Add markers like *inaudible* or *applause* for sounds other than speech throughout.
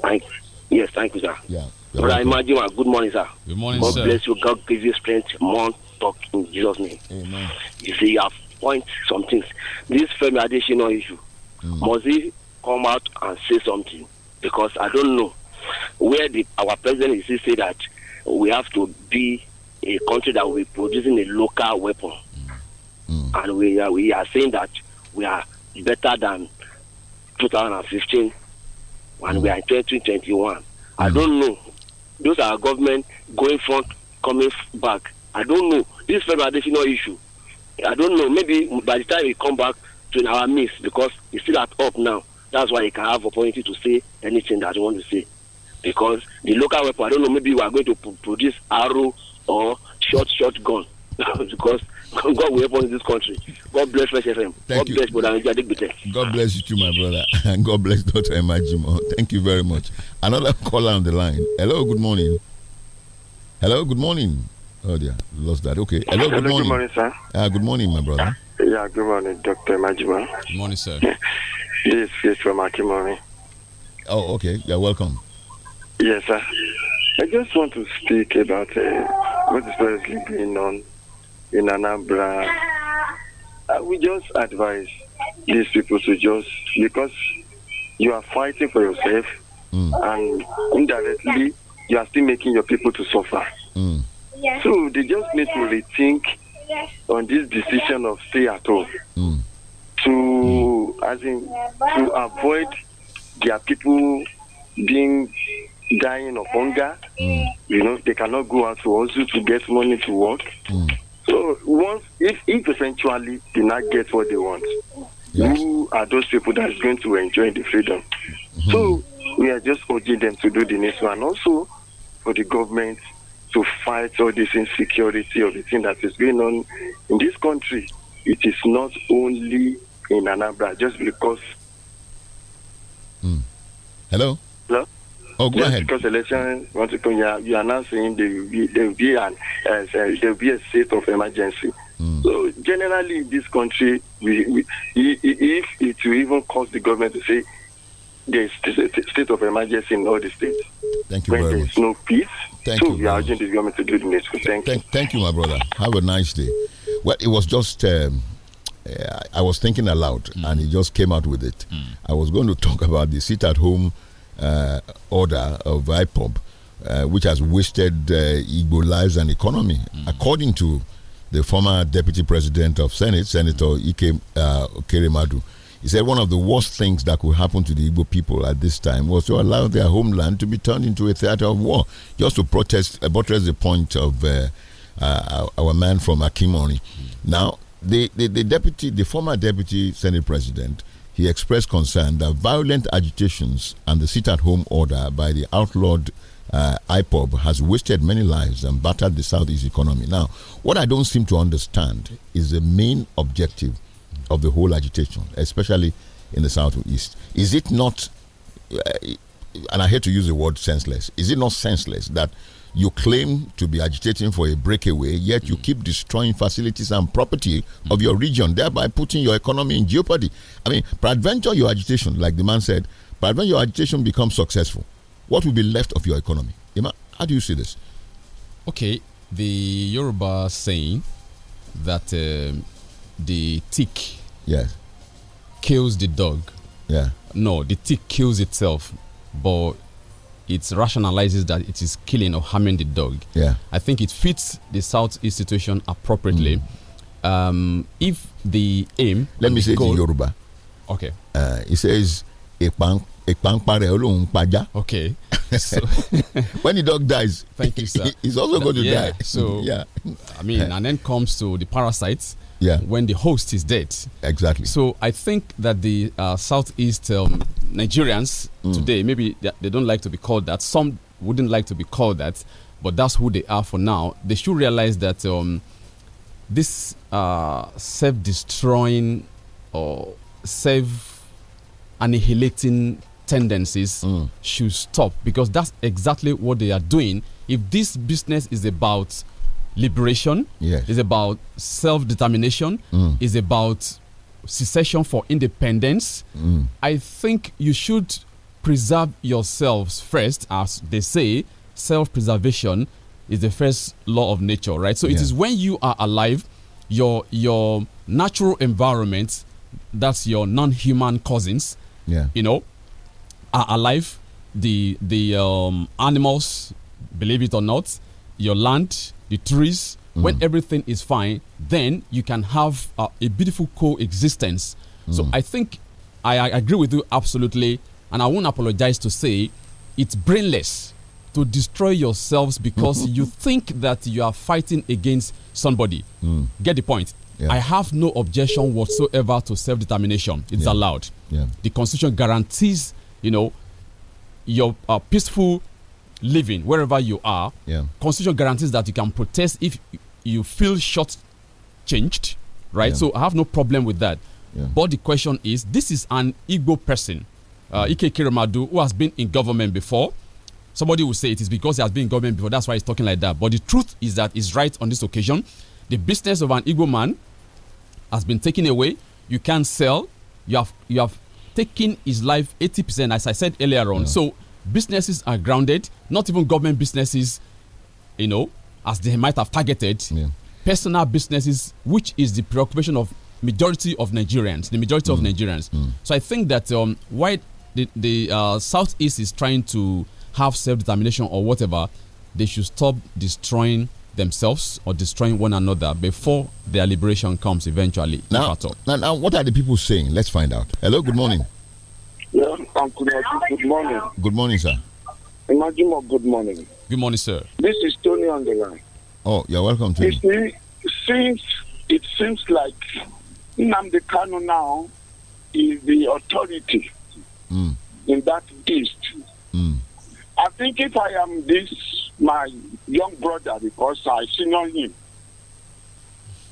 Thank you. Yes, thank you, sir. Yeah. Brother Imajima, uh, good morning, sir. Good morning, God sir. bless you. God give you strength, more talk in Jesus' name. Amen. You see, you have point some things. This Femi additional issue, mm. must he come out and say something? Because I don't know where the, our president is. He say that we have to be a country that will be producing a local weapon. Mm. mm. And we are, we are saying that we are better than 2015 and we are in 2021. I hmm. don't know. Those are government going front, coming back. I don't know. This federal additional issue. I don't know. Maybe by the time we come back to our midst, because it's still at up now. That's why he can have opportunity to say anything that he want to say. Because the local weapon, I don't know, maybe we are going to produce arrow or short gun, *laughs* because God will help us in this country. God bless Fresh FM. Thank God you. bless Brother Njadik God bless you too, my brother. And *laughs* God bless Dr. Emajimo. Thank you very much. Another caller on the line. Hello, good morning. Hello, good morning. Oh dear, lost that. Okay. Hello, good Hello, morning. Good morning, sir. Uh, good morning, my brother. Yeah, good morning, Dr. Majima. Good morning, sir. this *laughs* is from Akimori. Oh, okay. You're welcome. Yes, sir. I just want to speak about uh, what is presently going on in Anambra. Uh, we just advise these people to just because you are fighting for yourself mm. and indirectly you are still making your people to suffer. Mm. So they just need to rethink on this decision of stay at home mm. to mm. as in to avoid their people being dying of hunger. Mm. You know, they cannot go out to also to get money to work. Mm. So once if, if eventually they not get what they want, yes. who are those people that's going to enjoy the freedom? Mm -hmm. So we are just urging them to do the next one. Also for the government to fight all this insecurity or the thing that is going on in this country. It is not only in Anambra just because. Mm. Hello. Oh, go yes, ahead. Because election, once you are, you are now saying there will be, there will be, an, uh, there will be a state of emergency. Mm. So generally, in this country, we, we, if it will even cause the government to say there is a uh, state of emergency in all the states. Thank you when very much. no peace, thank so you we are urging the government to do the Thank, thank, you. thank you, my brother. Have a nice day. Well, it was just. Um, eh, I was thinking aloud, mm. and he just came out with it. Mm. I was going to *laughs* talk about the sit-at-home uh, order of IPOB, uh, which has wasted uh, Igbo lives and economy, mm -hmm. according to the former deputy president of Senate, Senator mm. Ike uh, Keremadu. He said one of the worst things that could happen to the Igbo people at this time was to allow their homeland to be turned into a theater of war, just to protest, uh, buttress the point of uh, uh, our man from Akimoni. Mm. Now, the, the, the, deputy, the former deputy Senate president, he expressed concern that violent agitations and the sit at home order by the outlawed uh, IPOB has wasted many lives and battered the Southeast economy. Now, what I don't seem to understand is the main objective of the whole agitation, especially in the Southeast. Is it not, uh, and I hate to use the word senseless, is it not senseless that you claim to be agitating for a breakaway, yet you mm. keep destroying facilities and property of your region, thereby putting your economy in jeopardy. I mean, peradventure your agitation, like the man said, peradventure your agitation becomes successful. What will be left of your economy? Ima, how do you see this? Okay, the Yoruba saying that um, the tick yeah. kills the dog. Yeah. No, the tick kills itself, but it rationalizes that it is killing or harming the dog. Yeah. I think it fits the Southeast situation appropriately. Mm. Um, if the aim. Let me say goal, it in Yoruba. Okay. Uh, it says, ìpàǹparẹ̀ olóhùn pajá. okay *laughs* so *laughs* when the dog dies thank you sir *laughs* he's also going to yeah, die so yeah i mean and then comes to the parasites yeah. when the host is dead. Exactly. So I think that the uh, Southeast um, Nigerians mm. today, maybe they, don't like to be called that. Some wouldn't like to be called that, but that's who they are for now. They should realize that um, this uh, self destroying or self annihilating tendencies mm. should stop because that's exactly what they are doing. If this business is about liberation. Yes. It's about self determination. Mm. It's about secession for independence. Mm. I think you should preserve yourselves first, as they say, self preservation is the first law of nature, right? So yeah. it is when you are alive, your your natural environment, that's your non human cousins, yeah. you know, are alive. The the um, animals, believe it or not, your land, the trees, mm. when everything is fine, then you can have uh, a beautiful coexistence. Mm. So I think I, I agree with you absolutely, and I won't apologize to say it's brainless to destroy yourselves because *laughs* you think that you are fighting against somebody. Mm. Get the point. Yeah. I have no objection whatsoever to self determination. It's yeah. allowed. Yeah. The Constitution guarantees, you know, your uh, peaceful living, wherever you are, yeah. Constitution guarantees that you can protest if you feel short changed, right? Yeah. So I have no problem with that. Yeah. But the question is, this is an Igbo person, uh, Ike Kiramadu, who has been in government before. Somebody will say it is because he has been in government before, that's why he's talking like that. But the truth is that he's right on this occasion. The business of an Igbo man has been taken away. You can't sell. You have you have taken his life 80%, as I said earlier on. Yeah. So businesses are grounded, not even government businesses, you know, as they might have targeted. Yeah. Personal businesses, which is the preoccupation of majority of Nigerians, the majority mm. of Nigerians. Mm. So I think that um, why the, the uh, Southeast is trying to have self-determination or whatever, they should stop destroying themselves or destroying one another before their liberation comes eventually. Now, now, now, what are the people saying? Let's find out. Hello, good morning. Yeah, good morning. Good morning, sir. Imagine more good morning. Good morning, sir. This is Tony on the line. Oh, you're welcome, Tony. It seems, it seems like Nnamdi Kano now is the authority mm. in that east. Mm. I think if I am this, my young brother, because I senior him,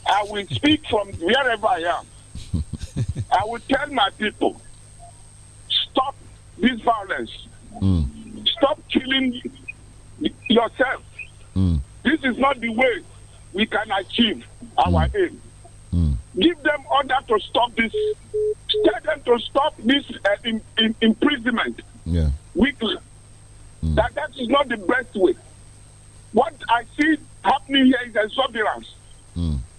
I will *laughs* speak from wherever I am. *laughs* I will tell my people this violence. Mm. Stop killing yourself. Mm. This is not the way we can achieve our hmm. aim. Hmm. Give them order to stop this. Tell them to stop this uh, in, in, imprisonment yeah. weekly. Hmm. That that is not the best way. What I see happening here is exuberance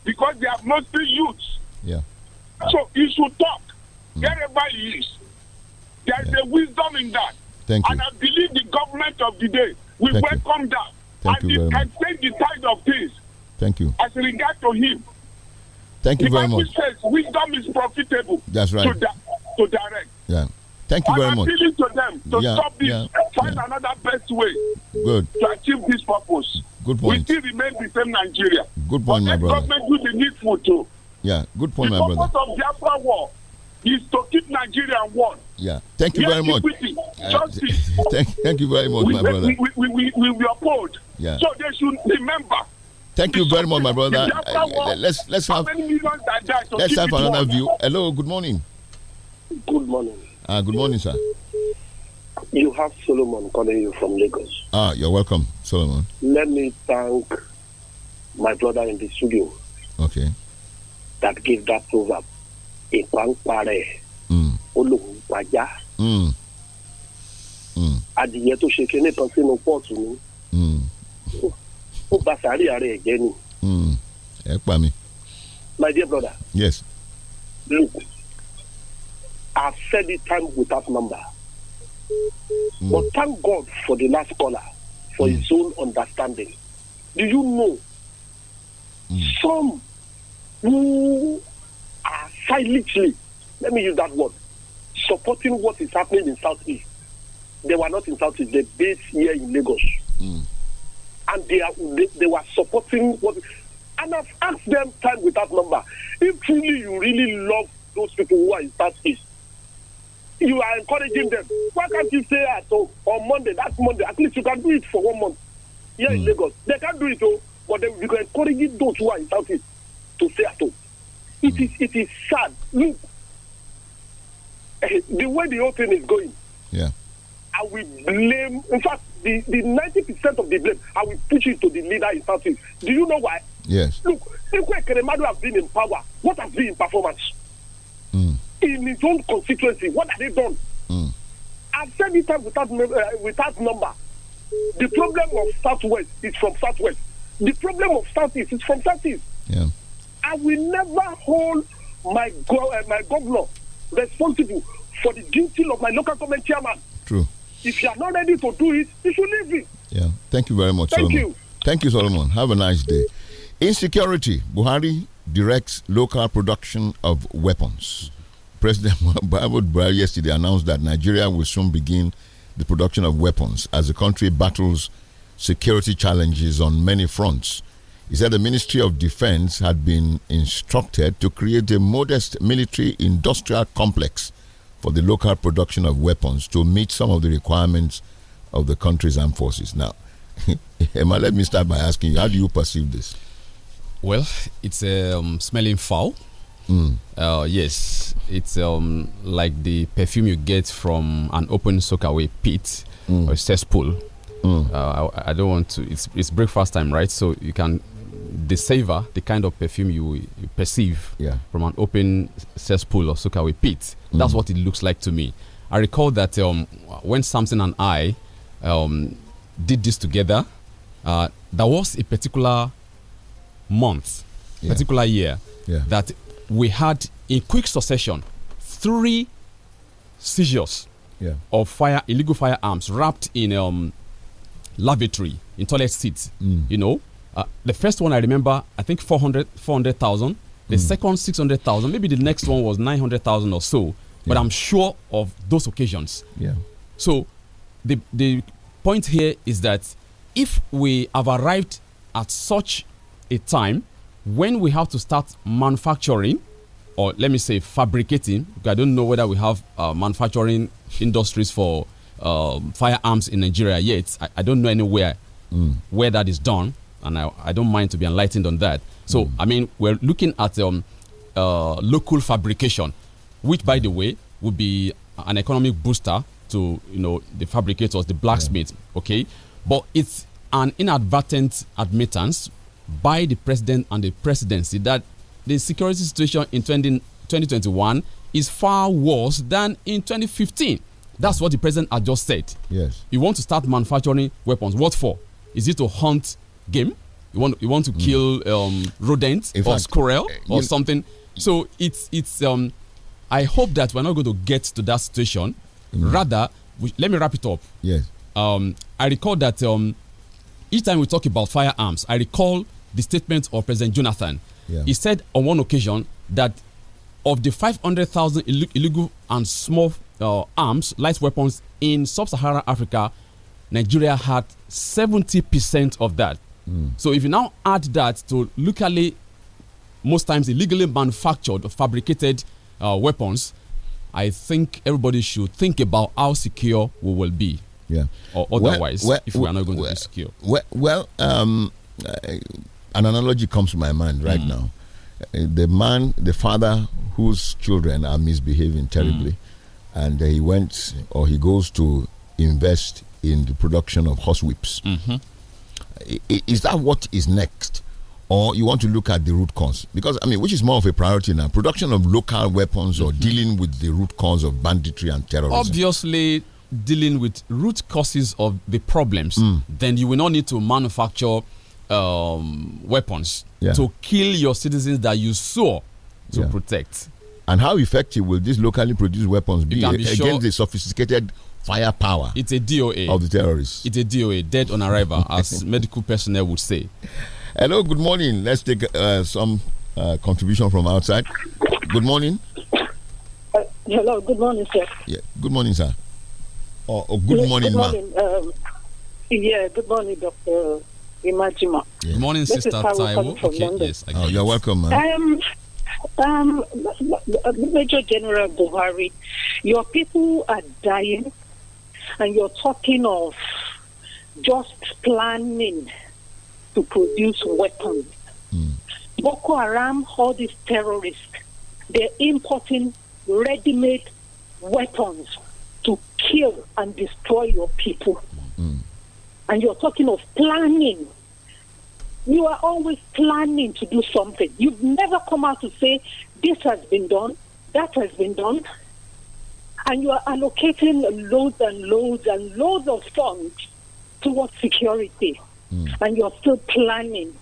because they are mostly youths. Yeah. So you should talk mm. wherever he is. There is a wisdom in that. Thank you. And I believe the government of the day will Thank welcome you. that. Thank and you it can much. the tide of peace. Thank you. As regard to him. Thank you because very much. Says, wisdom is profitable. That's right. To, to direct. Yeah. Thank you and very I'm much. appealing to them to yeah, stop this. Yeah, find yeah. another best way. Good. To achieve this purpose. Good point. We still remain the same Nigeria. Good point, but my brother. But Government will be needful too. Yeah. Good point, the my brother. The purpose of the Biafra war is to keep Nigeria one. Yeah. Thank you very much. Uh, *laughs* thank, thank you very much, we, my we, brother. We, we, we, we, we Yeah. So they should remember. Thank you very much, my brother. Uh, let's let's have let's have another view. Hello, good morning. Good morning. Uh, good morning, sir. You have Solomon calling you from Lagos. Ah, you're welcome, Solomon. Let me thank my brother in the studio. Okay. That gave that proverb. Ipang pare Mm. ó lòun pàjá mm. mm. adìyẹ tó ṣe kinní kan sínú pọ́ọ̀tù ni ó ba sàárì ààrẹ ẹ̀jẹ̀ ni. ẹ pa mi. my dear brother. yes. look i said it time without number. Mm. but thank God for the last caller for mm. his own understanding. Do you know mm. some who are silently let me use that word, supporting what is happening in Southeast. They were not in Southeast, they based here in Lagos. Mm. And they, are, they, they were supporting what. And I've asked them time without number. If truly you really love those people who are in Southeast, you are encouraging them. Why can't you say that so on Monday, that Monday, at least you can do it for one month here mm. in Lagos? They can't do it, though, but they, you can encourage those who are in Southeast to say at home. It mm. is, it is sad. Look, the way the whole thing is going, yeah, I will blame. In fact, the the ninety percent of the blame, I will push it to the leader in South East. Do you know why? Yes. Look, Ikwe Keremadu have been in power. What has been in performance? Mm. In his own constituency, what have they done? Mm. I've said it time without uh, without number. The problem of Southwest is from Southwest. The problem of Southeast is from Southeast. Yeah. I will never hold my go uh, my governor responsible for the duty of my local government chairman. True. If you are not ready to do it, you should leave it. Yeah. Thank you very much, Thank Solomon. You. Thank you, Solomon. Have a nice day. Insecurity. Buhari directs local production of weapons. President *laughs* Muhammad Buhari yesterday announced that Nigeria will soon begin the production of weapons as the country battles security challenges on many fronts. He said the Ministry of Defense had been instructed to create a modest military industrial complex for the local production of weapons to meet some of the requirements of the country's armed forces. Now, *laughs* Emma, let me start by asking you, how do you perceive this? Well, it's um, smelling foul. Mm. Uh, yes, it's um, like the perfume you get from an open soakaway pit mm. or cesspool. Mm. Uh, I, I, don't want to. It's, it's breakfast time, right? So you can the savor, the kind of perfume you, you perceive yeah. from an open cesspool or sukawe pit. Mm. That's what it looks like to me. I recall that um, when Samson and I um, did this together, uh, there was a particular month, yeah. particular year yeah. that we had in quick succession three seizures yeah. of fire illegal firearms wrapped in um, lavatory in toilet seats. Mm. You know, uh, the first one I remember, I think 400 The mm. second 600,000. Maybe the next one was 900,000 or so. But I'm sure of those occasions. Yeah. So the the point here is that if we have arrived at such a time when we have to start manufacturing or let me say fabricating because i don't know whether we have uh, manufacturing industries for um, firearms in nigeria yet I, I, don't know anywhere mm. where that is done and I, I don't mind to be enlightened on that. So, mm. I mean, we're looking at um, uh, local fabrication, which, by the way, would be an economic booster to you know the fabricators, the blacksmiths. Yeah. Okay, but it's an inadvertent admittance by the president and the presidency that the security situation in 20, 2021 is far worse than in 2015. That's what the president had just said. Yes. You want to start manufacturing weapons. What for? Is it to hunt game. You want you want to hmm. kill um, rodents In or fact, squirrel eh, or something. So it's it's um, I hope that we're not going to get to that situation. Mm. Rather, we, let me wrap it up. Yes. Um, I recall that um, each time we talk about firearms, I recall the statement of President Jonathan. Yeah. He said on one occasion that of the 500,000 illegal and small uh, arms, light weapons in sub-Saharan Africa, Nigeria had 70% of that. Mm. So if you now add that to locally, most times illegally manufactured or fabricated uh, weapons, I think everybody should think about how secure we will be. Yeah. Or otherwise, well, well, if we are not going well, to be secure. Well, um, an analogy comes to my mind right mm. now. Uh, the man, the father whose children are misbehaving terribly, mm. and he went or he goes to invest in the production of horsewhips. Mm -hmm is that what is next? Or you want to look at the root cause? Because, I mean, which is more of a priority now? Production of local weapons or mm -hmm. dealing with the root cause of banditry and terrorism? Obviously, dealing with root causes of the problems, mm. then you will not need to manufacture um, weapons yeah. to kill your citizens that you saw to yeah. protect. And how effective will these locally produced weapons be, be against sure the sophisticated firepower? It's a DOA of the terrorists. It's a DOA, dead on arrival, *laughs* as medical personnel would say. Hello, good morning. Let's take uh, some uh, contribution from outside. Good morning. Uh, hello, good morning, sir. Yeah, good morning, sir. oh, oh, good yes, morning, good morning um, yeah, good morning, Doctor Imajima. Yeah. Good morning, this Sister Taiwo. Okay, yes, oh, you're welcome, ma'am. Um, um, Major General Buhari, your people are dying, and you're talking of just planning to produce weapons. Mm. Boko Haram, all these terrorists, they're importing ready made weapons to kill and destroy your people. Mm. And you're talking of planning you are always planning to do something. You've never come out to say, this has been done, that has been done. And you are allocating loads and loads and loads of funds towards security. Mm. And you're still planning.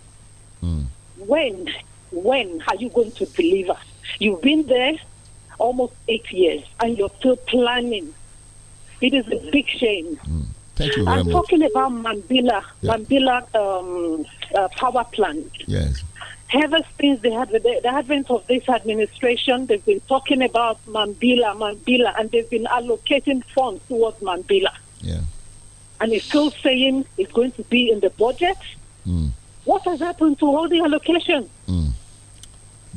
Mm. When, when are you going to deliver? You've been there almost eight years and you're still planning. It is a big shame. Mm. Thank you very I'm much. talking about Mandela, yeah. Mandela um, uh, power plant. Yes. Ever since the, the, the advent of this administration, they've been talking about Mandela, Mandela, and they've been allocating funds towards Mandela. Yeah. And it's still saying it's going to be in the budget. Mm. What has happened to all the allocation? Mm.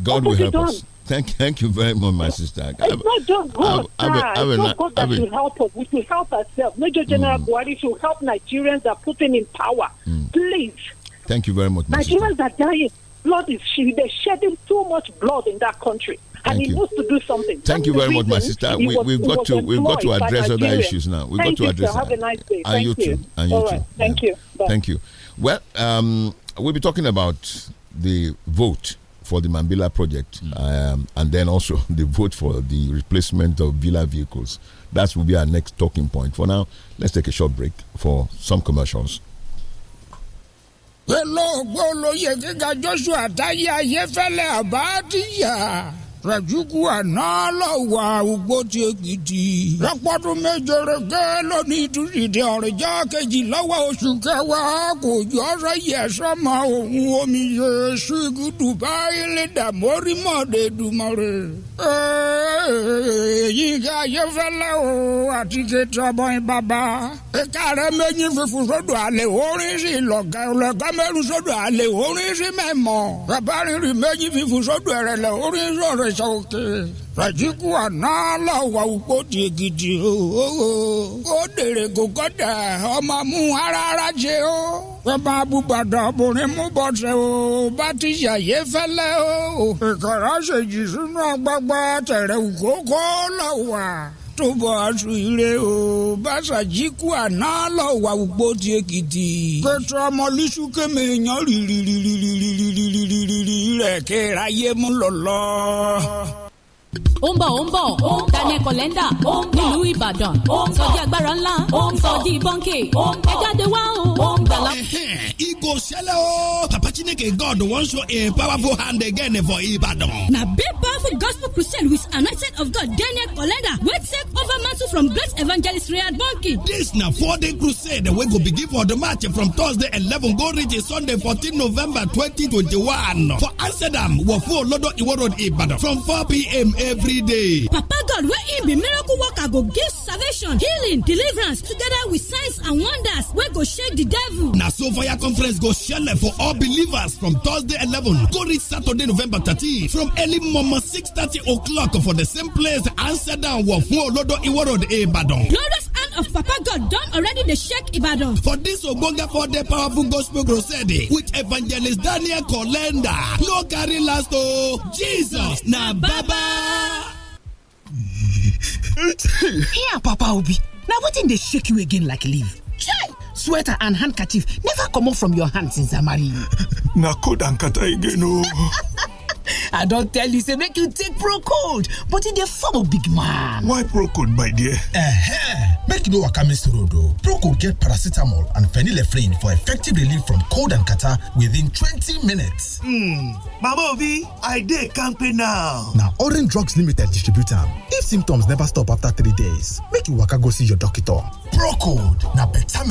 God what will help us. Done? Thank, thank you very much, my sister. It's I've, not just good, i i am it's not good that should help us. We should help ourselves. Major General mm. Buhari should help Nigerians that put him in power. Mm. Please. Thank you very much, Nigerians sister. are dying. Blood is shedding. They're shedding too much blood in that country. Thank and you. he needs to do something. Thank you very much, my sister. We, have got to we've got to address other issues now. We've got to address. Sir. Have a nice day. And thank you, you too. And you All right. too. Thank yeah. you. Bye. Thank you. Well, um, we'll be talking about the vote for the Mambila project, mm. um, and then also *laughs* the vote for the replacement of Villa vehicles. That will be our next talking point. For now, let's take a short break for some commercials. Hello, Joshua rẹ̀júkú àná lọ́wọ́ àwùgbó tí Èkìtì. lọ́pọ́dún méjèrèké lónìí ìdúdìdì ọ̀rẹ́jà kejì lọ́wọ́ oṣù kẹwàá kò jọ ọ̀rọ̀ yẹ sọ́mọ òun omi yẹ gudu báyìí lè dàmórí de dùmọ̀rẹ́. èyí ká ayéfẹ́lẹ́ o àti kẹtì ọmọ yín bàbá. ìka rẹ̀ méjì fífún sódò àlè orin sí lọ́gà lọ́gà mẹ́rin sódò àlè orin sí mẹ́mọ́. bàbá rìnrìn méjì fífún sódò ẹ̀rẹ̀ lẹ́ orin sọ̀rọ̀ rẹ̀ṣà òkè ràjíkù àná aláwa òpó di gidi o. ó dèrè gògọ́dà ọmọ mú ara ara jẹ o. wọ́n máa bú gbàdọ̀ ọkùnrin mú bọ̀sẹ̀ o bá ti yàyé fẹ́lẹ́ o. ìkàrà ṣèjì sínú agbágbá tẹ̀rẹ̀ òkókó lọ́wọ́ àtòbọ̀ àṣùire o bàṣàjíkù àná lọ wà gbogbo ti èkìtì. kẹtù ọmọ lísù kéme yan rìrìrìrìrìrìrìrì rẹ̀ kéra yé mú lọ́lọ́ ó ń bọ̀ ó ń bọ̀ Daniel Kolenda nílùú Ìbàdàn sọjí agbára ńlá sọjí bọ́ńkì ẹ jáde wá o gbàlá. Igo ṣẹlẹ̀ o Papa Chineke God wan show a powerful hand again for Ibadan. Na big powerful gospel crusade with anointing of God Daniel Kolenda wey take over mantle from great evangelist Riyad Bọ́ńkì. Dis na four day crusade wey go begin for the march from Thursday eleven go reach Sunday fourteen November twenty twenty one for Amsterdam Wọ̀fún Olodo Iwo Road Ibadan from four pm every day. papa god wey im be miracle worker go give salvation healing deliverance together with signs and wonders wey go shake the devil. na so fire conference go shele for all believers from thursday 11. go reach saturday november 13 from early morning six thirty o'clock for the same place answer down wọ fún lodo iwo road ibadan. glorious hand of papa god done already the shake ibadan. for this ogbonge for the powerful gospel crusade with evangelist daniel kolenda no carry last oh jesus na baba. *laughs* here papa obi Now, what wetin they shake you again like leaf chai sweater and handkerchief never come off from your hands since i married you na cold and kata again oh. *laughs* i don't tell you say make you take Procode, but e dey form of big man why Procode, my dear eh make you know what miss road o pro get paracetamol and phenylephrine for effective relief from cold and catar within 20 minutes hmm mama obi i dey campaign now Now orange drugs limited distributor. if symptoms never stop after three days make you waka go see your doctor pro code na beta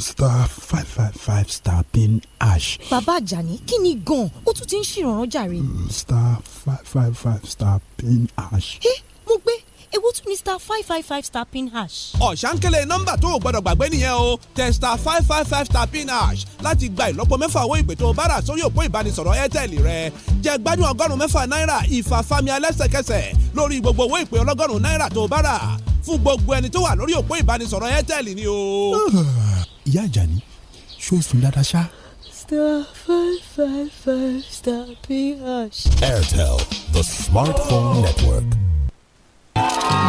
star five five five star pin ash. bàbá àjàní kí ni gan-an ó tún ti ń ṣèrànràn jàre. Mm, star five five five star pin ash. ẹ mo gbé ewu tún ni star five five five star pin hash. ọ̀sánkélé nọ́mbà tó o gbọ́dọ̀ gbàgbé nìyẹn o tẹ star five five five star pin hash láti gba ìlọ́po mẹ́fà owó ìpè tó o bá rà sórí òpó ìbánisọ̀rọ̀ airtel rẹ jẹ gbádùn ọgọ́rùn-ún mẹ́fà náírà ìfàfàmì alẹ́sẹ̀kẹsẹ̀ lórí gbogbo owó ìpè ọlọ́gọ́rùn-ún náírà tó o bá rà fún gbogbo ẹni tó wà lórí òpó ìbánisọ̀rọ̀ airtel ni o. Ah. ìyá àjàní ṣó sùn dáadáa ṣá. star five five five star ph. airtel the smartphone network.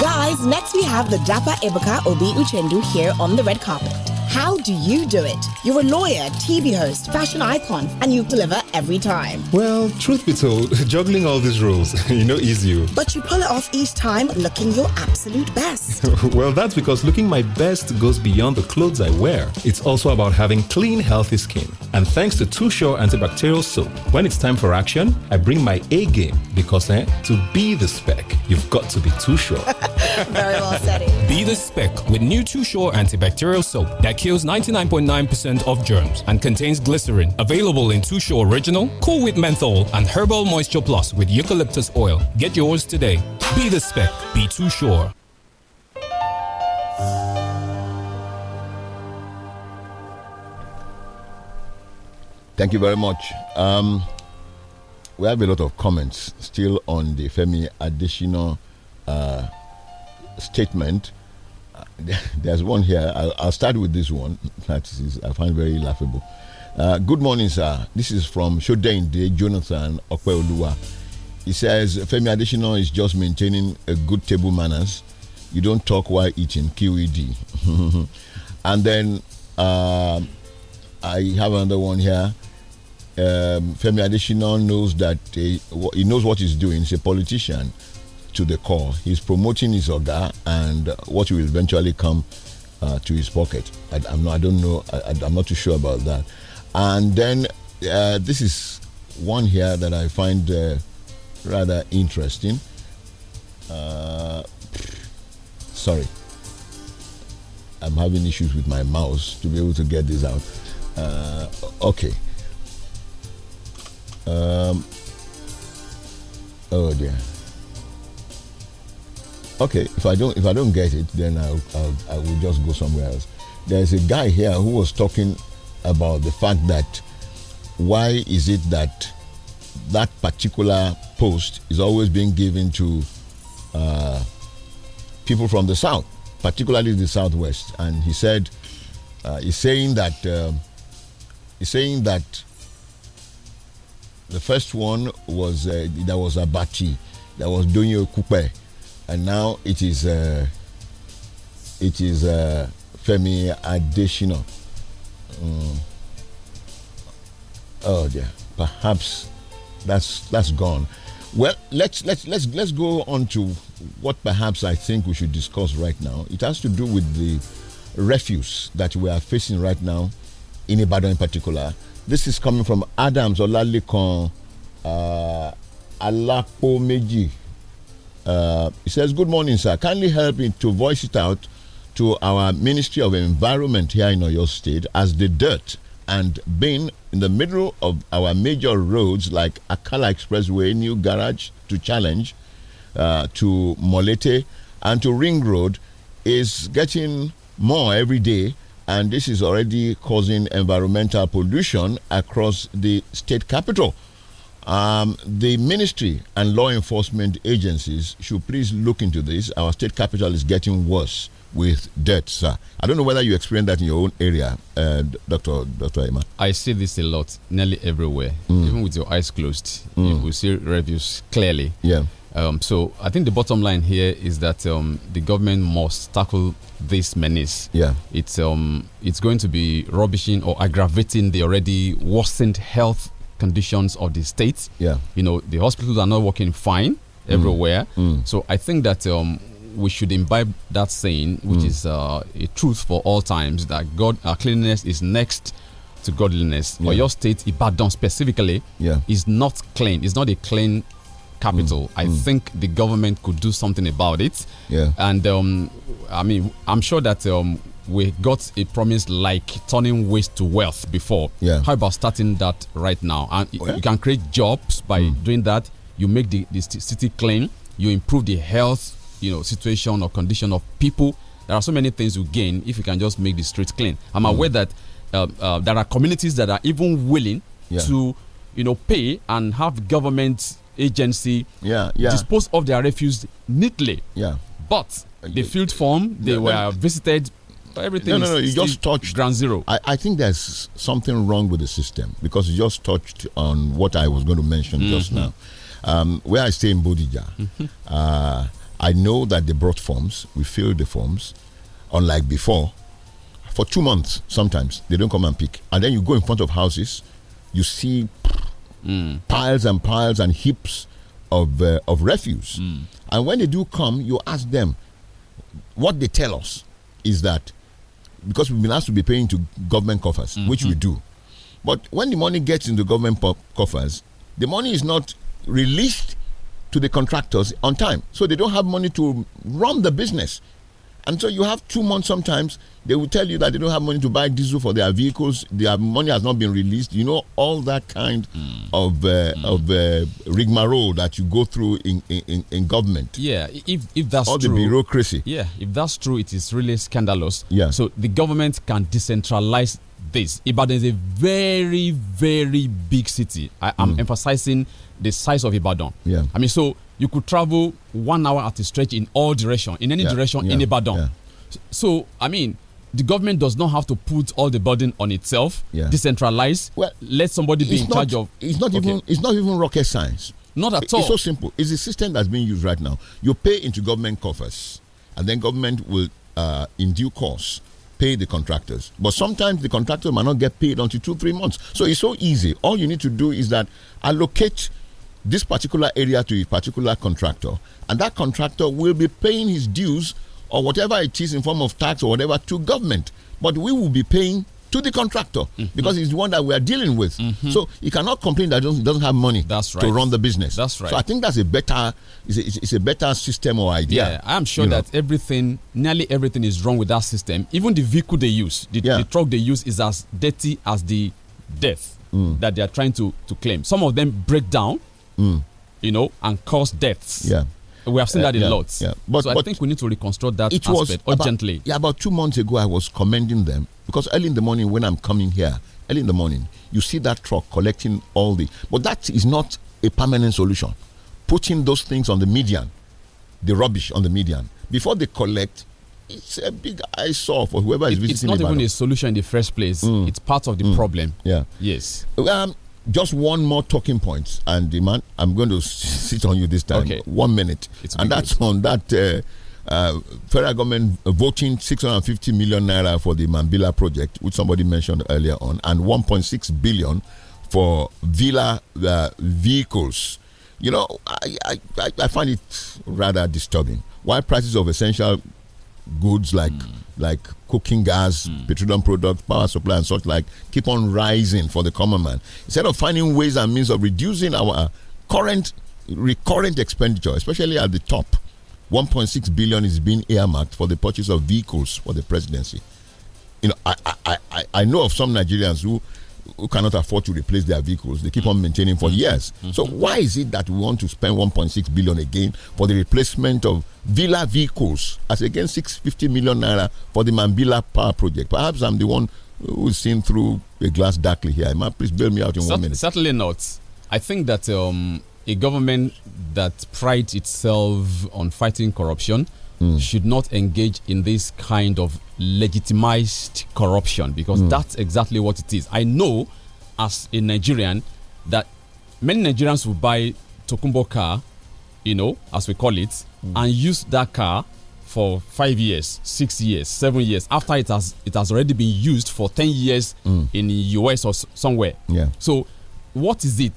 Guys, next we have the Dapa Ibaka Obi Uchendu here on the red carpet. How do you do it? You're a lawyer, TV host, fashion icon, and you deliver every time. Well, truth be told, *laughs* juggling all these roles, *laughs* you know, is you. But you pull it off each time looking your absolute best. *laughs* well, that's because looking my best goes beyond the clothes I wear. It's also about having clean, healthy skin. And thanks to Too Sure antibacterial soap, when it's time for action, I bring my A game because eh, to be the spec, you've got to be Too Sure. Very well said. Be the spec with new Too Sure antibacterial soap that kills 99.9% of germs and contains glycerin. Available in Tusho Original, Cool with Menthol, and Herbal Moisture Plus with eucalyptus oil. Get yours today. Be the spec. Be too sure. Thank you very much. Um, we have a lot of comments still on the Femi additional uh, statement. *laughs* there's one here. I'll, I'll, start with this one that is I find very laughable. Uh, good morning, sir. This is from Shodain Day Jonathan Okweoluwa. He says Femi Additional is just maintaining a good table manners. You don't talk while eating QED. *laughs* and then uh, I have another one here. Um, Femi Additional knows that uh, he knows what he's doing. He's a politician to the core. He's promoting his oga and what will eventually come uh, to his pocket. I, am not. I don't know. I, am not too sure about that. And then uh, this is one here that I find uh, rather interesting. Uh, sorry, I'm having issues with my mouse to be able to get this out. Uh, okay. Um, oh dear okay, if I don't if I don't get it, then I'll, I'll I will just go somewhere else. There's a guy here who was talking about the fact that why is it that that particular post is always being given to uh, people from the south, particularly the southwest, and he said uh, he's saying that um, he's saying that the first one was uh, was Abati, that was Donyo Kupe, and now it is uh, it is uh, Femi Adesina. Um, oh dear, perhaps that's that's gone. Well, let's let's let's let's go on to what perhaps I think we should discuss right now. It has to do with the refuse that we are facing right now in Ibadan in particular. This is coming from Adams Olalekan uh, Alapomeji uh, he says, Good morning, sir. Kindly help me to voice it out to our Ministry of Environment here in Oyo State as the dirt and bin in the middle of our major roads like Akala Expressway, New Garage to Challenge, uh, to Molete, and to Ring Road is getting more every day. And this is already causing environmental pollution across the state capital. Um, the ministry and law enforcement agencies should please look into this. Our state capital is getting worse with debt, sir. I don't know whether you experience that in your own area, uh, Doctor Doctor Emma. I see this a lot, nearly everywhere. Mm. Even with your eyes closed, mm. you will see reviews clearly. Yeah. Um, so I think the bottom line here is that um, the government must tackle this menace. Yeah, it's um, it's going to be rubbishing or aggravating the already worsened health conditions of the state. Yeah. You know, the hospitals are not working fine mm. everywhere. Mm. Mm. So I think that um, we should imbibe that saying, which mm. is uh, a truth for all times, that God, our cleanliness is next to godliness. Yeah. your state, Ibadan specifically, yeah. is not clean. It's not a clean capital. Mm. I mm. think the government could do something about it. Yeah. And um, I mean, I'm sure that um, we got a promise like turning waste to wealth before. Yeah. How about starting that right now? And oh, you can create jobs by mm. doing that. You make the, the city clean. You improve the health, you know, situation or condition of people. There are so many things you gain if you can just make the streets clean. I'm mm. aware that uh, uh, there are communities that are even willing yeah. to, you know, pay and have government agency yeah, yeah. dispose of their refuse neatly. Yeah. But the field form, they were visited everything. No, no, no. You just touched ground zero. I, I think there's something wrong with the system because you just touched on what I was going to mention mm -hmm. just mm-hmm. now. Um, where I stay in Bodija, mm -hmm. uh, I know that they brought forms. We filled the forms, unlike before. For two months, sometimes they don't come and pick, and then you go in front of houses, you see mm. piles and piles and heaps of uh, of refuse. Mm. And when they do come, you ask them. What they tell us is that because we've been asked to be paying to government coffers, mm -hmm. which we do. But when the money gets into government coffers, the money is not released to the contractors on time. So they don't have money to run the business. And so you have two months sometimes, they will tell you that they don't have money to buy diesel for their vehicles, their money has not been released. You know, all that kind mm. of uh, mm. of uh, rigmarole that you go through in, in, in government. Yeah, if, if that's all true. All the bureaucracy. Yeah, if that's true, it is really scandalous. Yeah. So the government can decentralize this. Ibadan is a very, very big city. I am mm. emphasizing the size of Ibadan. Yeah. I mean, so you could travel one hour at a stretch in all direction, in any yeah, direction, yeah, in Ibadan. Yeah. So, I mean, the government does not have to put all the burden on itself. Yeah. Decentralize. Well, let somebody be in not, charge of. It's not okay. even. It's not even rocket science. Not at it, all. It's so simple. It's a system that's being used right now. You pay into government coffers, and then government will, uh, in due course, pay the contractors. But sometimes the contractor might not get paid until two, three months. So it's so easy. All you need to do is that allocate this particular area to a particular contractor, and that contractor will be paying his dues or whatever it is in form of tax or whatever to government, but we will be paying to the contractor mm -hmm. because it's the one that we are dealing with. Mm -hmm. So he cannot complain that he doesn't have money that's right. to run the business. That's right. So I think that's a better it's a, it's a better system or idea. Yeah, I'm sure that know. everything, nearly everything, is wrong with that system. Even the vehicle they use, the, yeah. the truck they use, is as dirty as the death mm. that they are trying to to claim. Some of them break down mm. you know, and cause deaths. Yeah. We have seen uh, that a yeah, lot. Yeah. But, so but I think we need to reconstruct that it aspect was urgently. About, yeah, about two months ago, I was commending them because early in the morning, when I'm coming here, early in the morning, you see that truck collecting all the. But that is not a permanent solution. Putting those things on the median, the rubbish on the median, before they collect, it's a big eyesore for whoever is visiting. It's not even a solution in the first place. Mm. It's part of the mm. problem. Yeah. Yes. Um, just one more talking point, and the man, I'm going to sit on you this time. Okay. One minute, it's and that's good. on that. Uh, uh, federal government voting 650 million naira for the Mambila project, which somebody mentioned earlier on, and 1.6 billion for villa uh, vehicles. You know, I, I, I find it rather disturbing. Why prices of essential goods like mm. like cooking gas, mm. petroleum products, power supply, and such like keep on rising for the common man. Instead of finding ways and means of reducing our uh, current recurrent expenditure, especially at the top, 1.6 billion is being earmarked for the purchase of vehicles for the presidency. You know, I I, I, I know of some Nigerians who who cannot afford to replace their vehicles. They keep on maintaining for years. Mm-hmm. So why is it that we want to spend 1.6 billion again for the replacement of villa vehicles as against 650 million naira for the Mambila power project? Perhaps I'm the one who's seen through a glass darkly here. I please bail me out in Cert one minute. Certainly not. I think that um, a government that prides itself on fighting corruption mm. should not engage in this kind of legitimized corruption because mm. that's exactly what it is. I know, as a Nigerian, that many Nigerians will buy Tokumbo car, you know, as we call it, mm. and use that car for five years, six years, seven years after it has it has already been used for ten years mm. in the US or somewhere. Yeah. So, what is it?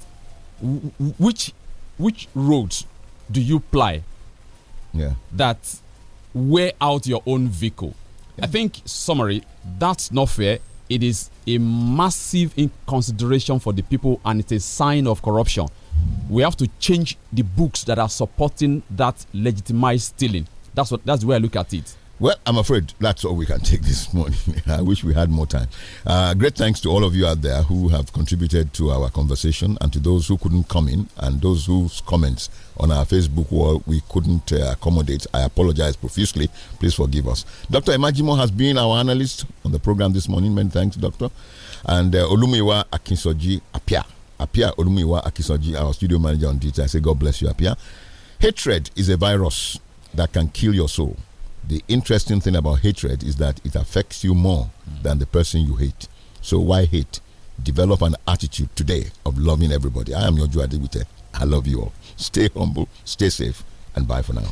W which which roads do you ply? Yeah. That wear out your own vehicle. I think summary, that's not fair. It is a massive inconsideration for the people and it's a sign of corruption. We have to change the books that are supporting that legitimized stealing. That's what that's the way I look at it. Well, I'm afraid that's all we can take this morning. *laughs* I wish we had more time. Uh, great thanks to all of you out there who have contributed to our conversation and to those who couldn't come in and those whose comments on our Facebook wall we couldn't uh, accommodate. I apologize profusely. Please forgive us. Dr. Imajimo has been our analyst on the program this morning. Many thanks, Doctor. And uh, Olumiwa Akinsoji Apia. Apia Olumiwa Akinsoji, our studio manager on DT. I say, God bless you, Apia. Hatred is a virus that can kill your soul the interesting thing about hatred is that it affects you more mm. than the person you hate. So why hate? Develop an attitude today of loving everybody. I am your Joe I love you all. Stay humble, stay safe, and bye for now.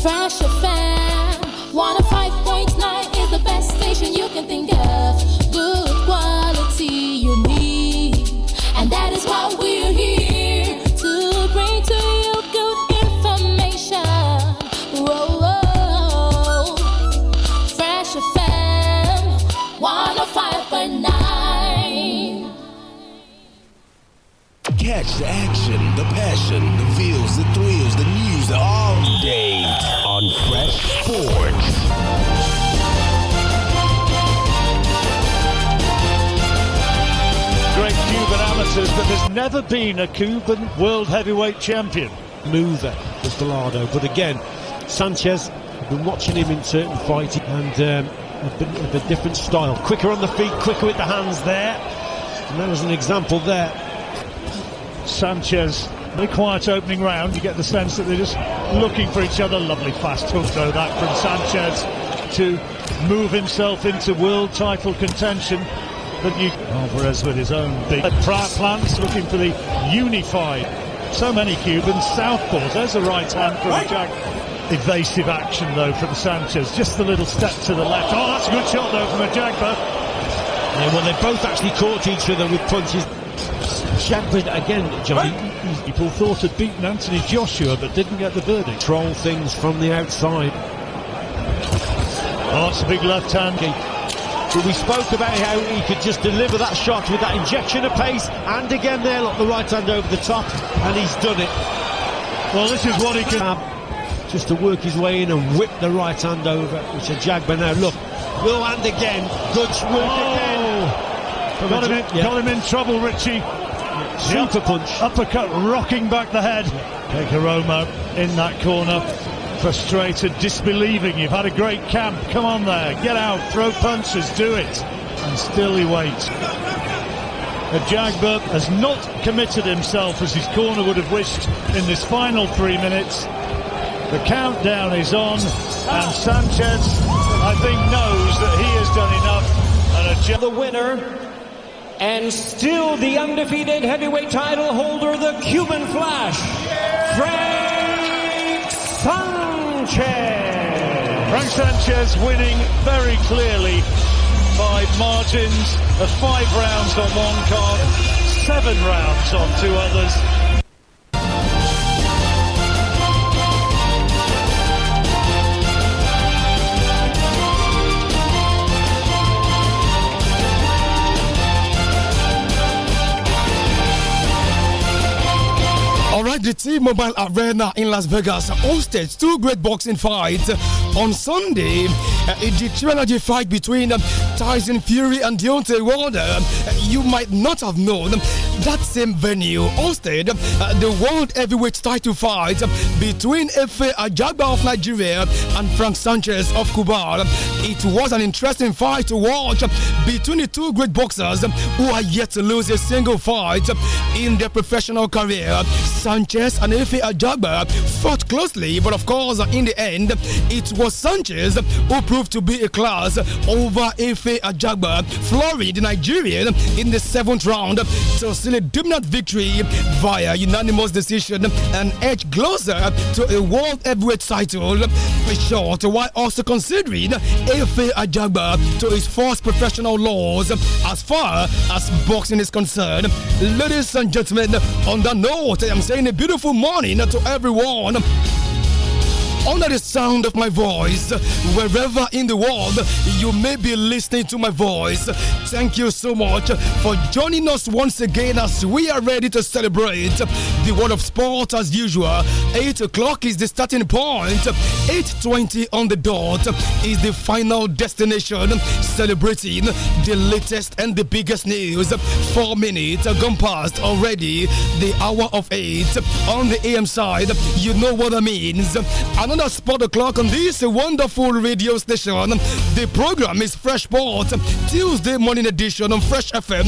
Fresh affair, wanna catch the action, the passion, the feels, the thrills, the news all day on Fresh Sports. great Cuban amateurs, but there's never been a Cuban world heavyweight champion. Mover was Gallardo, but again, Sanchez, I've been watching him in certain fights and um, a, bit, of a different style. Quicker on the feet, quicker with the hands there. And there was an example there Sanchez. The quiet opening round, you get the sense that they're just looking for each other. Lovely fast hook though, that from Sanchez to move himself into world title contention. But you, Alvarez with his own big plants looking for the unified. So many Cubans, southpaws. There's a right hand from Jack evasive action though from Sanchez. Just the little step to the left. Oh, that's a good shot though from Ajagba. Yeah, well, they both actually caught each other with punches. Shadwin again, Johnny. People thought had beaten Anthony Joshua, but didn't get the verdict. Troll things from the outside. Oh, it's a big left hand. But we spoke about how he could just deliver that shot with that injection of pace, and again there, look, the right hand over the top, and he's done it. Well, this is what he can... Um, just to work his way in and whip the right hand over, which a Jagba now, look, will hand again, good work oh. again. Got him, in, yeah. got him in trouble, Richie. Super punch. Uppercut rocking back the head. Aroma in that corner. Frustrated, disbelieving. You've had a great camp. Come on there. Get out. Throw punches. Do it. And still he waits. Jagber has not committed himself as his corner would have wished in this final three minutes. The countdown is on, and Sanchez, I think, knows that he has done enough. And the winner and still the undefeated heavyweight title holder, the Cuban Flash, Frank Sanchez. Frank Sanchez winning very clearly by margins of five rounds on one card, seven rounds on two others. The T-Mobile Arena in Las Vegas hosted two great boxing fights on Sunday. Uh, in the trilogy fight between um, Tyson Fury and Deontay Wilder, uh, you might not have known um, that same venue hosted uh, the world heavyweight title fight between Efe Ajaba of Nigeria and Frank Sanchez of Cuba. It was an interesting fight to watch between the two great boxers who are yet to lose a single fight in their professional career. Sanchez and Efe Ajaba fought closely, but of course, in the end, it was was Sanchez, who proved to be a class over Efe Ajagba, the Nigerian in the seventh round to seal a dominant victory via unanimous decision and edge closer to a world heavyweight title. Short, while also considering Efe Ajagba to his first professional loss as far as boxing is concerned. Ladies and gentlemen, on that note, I'm saying a beautiful morning to everyone under the sound of my voice, wherever in the world you may be listening to my voice. Thank you so much for joining us once again as we are ready to celebrate the world of sport as usual. 8 o'clock is the starting point, point. 8.20 on the dot is the final destination celebrating the latest and the biggest news. Four minutes gone past already, the hour of 8 on the AM side. You know what that means. Another around at spot o'clock on this wonderful radio station. The program is Fresh Port, Tuesday morning edition on Fresh FM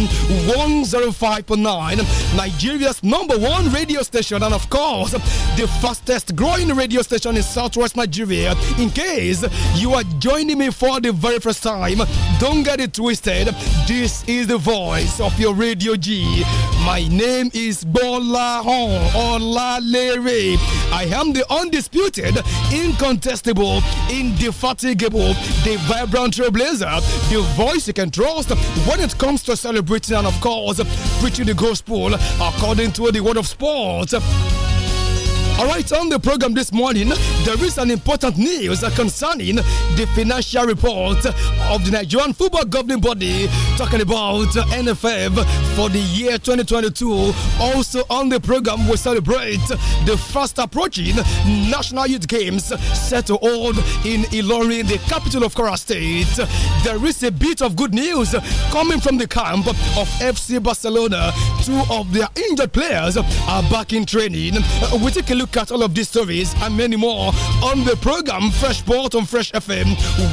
105.9, Nigeria's number one radio station, and of course, the fastest growing radio station in southwest Nigeria. In case you are joining me for the very first time, don't get it twisted. This is the voice of your Radio G. My name is Bola Hon Olalere. I am the undisputed incontestable, indefatigable, the vibrant trailblazer, the voice you can trust when it comes to celebrating and, of course, preaching the gospel according to the word of sports. All right, on the program this morning, there is an important news concerning the financial report of the Nigerian Football Governing Body, talking about NFF for the year 2022. Also on the program, we celebrate the fast approaching National Youth Games set to hold in Ilorin, the capital of Kora State. There is a bit of good news coming from the camp of FC Barcelona. Two of their injured players are back in training. Uh, we take a look look at all of these stories and many more on the program Fresh Port on Fresh FM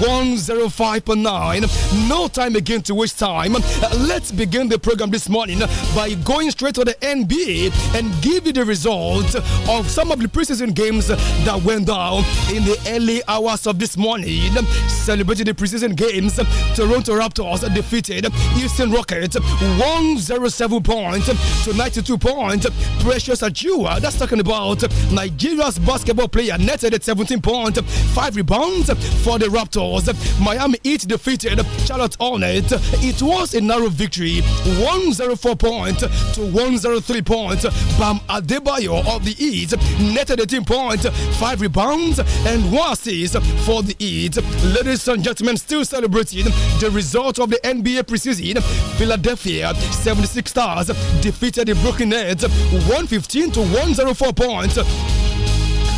105.9. No time again to waste time. Let's begin the program this morning by going straight to the NBA and give you the results of some of the preseason games that went down in the early hours of this morning. Celebrating the preseason games, Toronto Raptors defeated Houston Rockets 107 points to 92 points. Precious Ajua, that's talking about Nigeria's basketball player netted 17 points, 5 rebounds for the Raptors. Miami Heat defeated Charlotte Hornets. It was a narrow victory 104 points to 103 points. Bam Adebayo of the Heat netted 18 points, 5 rebounds, and 1 assist for the Heat. Ladies and gentlemen, still celebrating the result of the NBA preseason. Philadelphia 76 Stars defeated the Brooklyn Nets 115 to 104 points.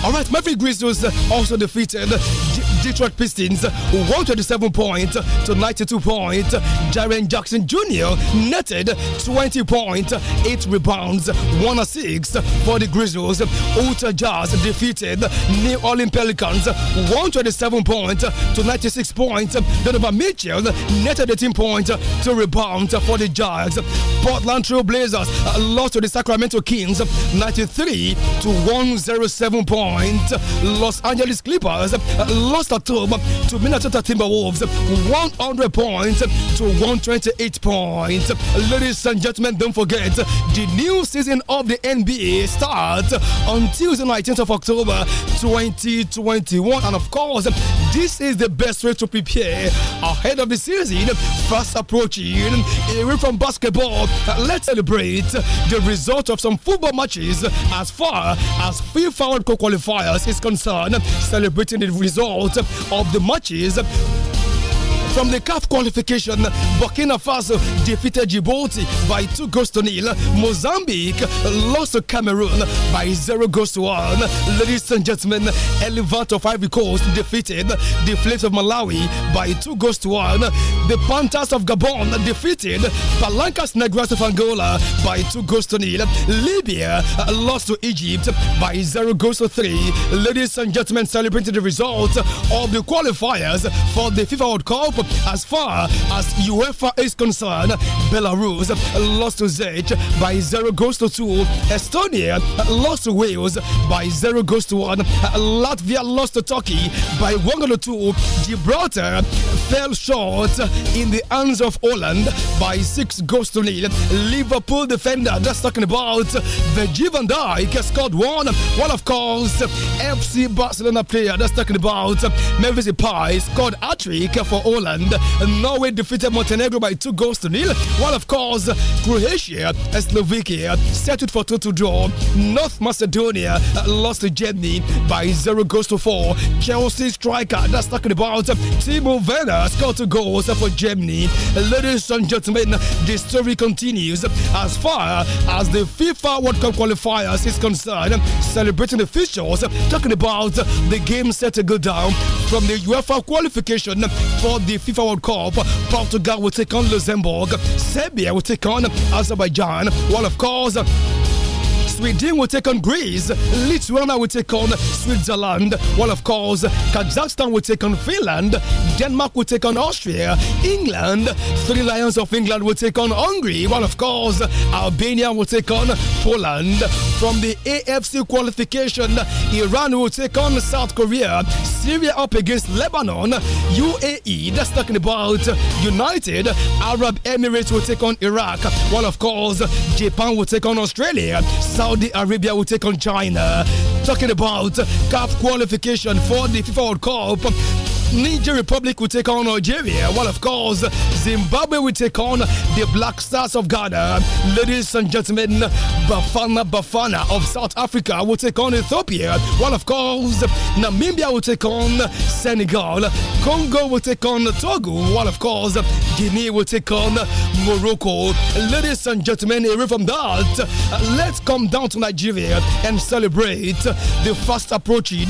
All right, Memphis Grizzlies uh, also defeated. Detroit Pistons, 127 points to 92 points. Jaren Jackson Jr. netted 20 points, 8 rebounds, 1 assist for the Grizzlies. Utah Jazz defeated New Orleans Pelicans, 127 points to 96 points. Donovan Mitchell netted 18 points, 2 rebounds for the Jazz. Portland Trail Blazers lost to the Sacramento Kings, 93 to 107 points. Los Angeles Clippers lost Khartoum to Minnesota Timberwolves 100 points to 128 points. Ladies and gentlemen, don't forget the new season of the NBA starts on Tuesday, 19th of October 2021. And of course, this is the best way to prepare ahead of the season fast approaching. Away from basketball, let's celebrate the result of some football matches as far as FIFA World Cup qualifiers is concerned. Celebrating the result of the matches from the CAF qualification, Burkina Faso defeated Djibouti by two goals to nil. Mozambique lost to Cameroon by zero goals to one. Ladies and gentlemen, Elephant of Ivory Coast defeated the fleet of Malawi by two goals to one. The Panthers of Gabon defeated Palancas Negras of Angola by two goals to nil. Libya lost to Egypt by zero goals to three. Ladies and gentlemen, celebrating the result of the qualifiers for the FIFA World Cup as far as UEFA is concerned, Belarus lost to Czech by 0 goals to 2. Estonia lost to Wales by 0 goals to 1. Latvia lost to Turkey by 1 goal to 2. Gibraltar fell short in the hands of Holland by 6 goals to nil. Liverpool defender, just talking about the van Dijk, scored one. One, of course, FC Barcelona player, just talking about Memphis Depay, scored a trick for Holland. Norway defeated Montenegro by two goals to nil. While, of course, Croatia and Slovakia settled for 2 to draw. North Macedonia lost to Germany by 0 goals to 4. Chelsea striker, that's talking about Timo Werner, scored two goals for Germany. Ladies and gentlemen, the story continues as far as the FIFA World Cup qualifiers is concerned. Celebrating officials talking about the game set to go down from the UEFA qualification for the FIFA World Cup. Portugal will take on Luxembourg. Serbia will take on Azerbaijan. Well, of course, Sweden will take on Greece. Lithuania will take on Switzerland. Well, of course, Kazakhstan will take on Finland. Denmark will take on Austria. England, Three Lions of England will take on Hungary. Well, of course, Albania will take on Poland. From the AFC qualification, Iran will take on South Korea. Syria up against Lebanon. UAE, that's talking about United Arab Emirates will take on Iraq. Well, of course, Japan will take on Australia. South Saudi Arabia will take on China. Talking about cup qualification for the FIFA World Cup. Niger Republic will take on Nigeria, while of course Zimbabwe will take on the Black Stars of Ghana. Ladies and gentlemen, Bafana Bafana of South Africa will take on Ethiopia, while of course Namibia will take on Senegal. Congo will take on Togo, while of course Guinea will take on Morocco. Ladies and gentlemen, away from that, let's come down to Nigeria and celebrate the fast approaching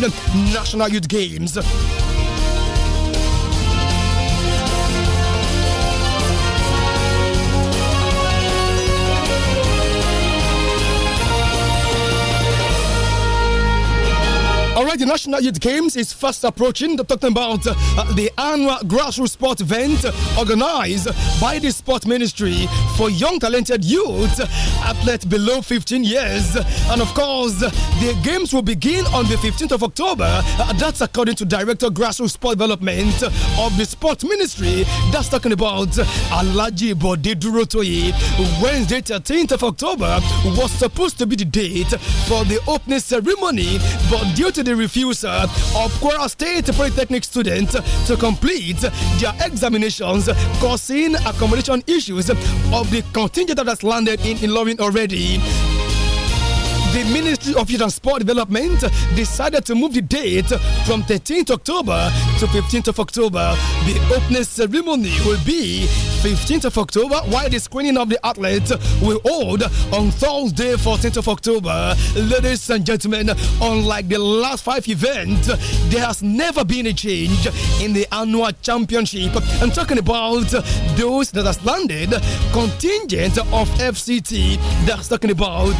National Youth Games. the National Youth Games is fast approaching. They're talking about uh, the annual grassroots sport event organized by the Sport Ministry for young talented youth, athletes below 15 years. And of course, the games will begin on the 15th of October. Uh, that's according to Director Grassroots Sport Development of the Sport Ministry. That's talking about uh, Alaji Bode Durotoye. Wednesday, 13th of October was supposed to be the date for the opening ceremony, but due to the refuse, uh, of Kwara State Polytechnic students to complete their examinations, causing accommodation issues of the contingent that has landed in Ilorin already. the Ministry of Youth and Sport Development decided to move the date from 13th October to 15th of October. The opening ceremony will be 15th of October, while the screening of the athlete will hold on Thursday, 14th of October. Ladies and gentlemen, unlike the last five events, there has never been a change in the annual championship. I'm talking about those that has landed contingent of FCT. That's talking about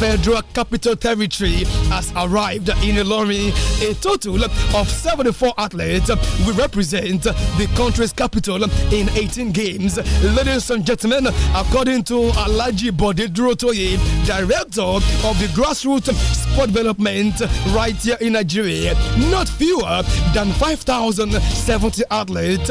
Federal Capital Territory has arrived in Ilorin. A total of 74 athletes will represent the country's capital in 18 games. Ladies and gentlemen, according to Alaji Bodidrotoye, director of the grassroots sport development right here in Nigeria, not fewer than 5,070 athletes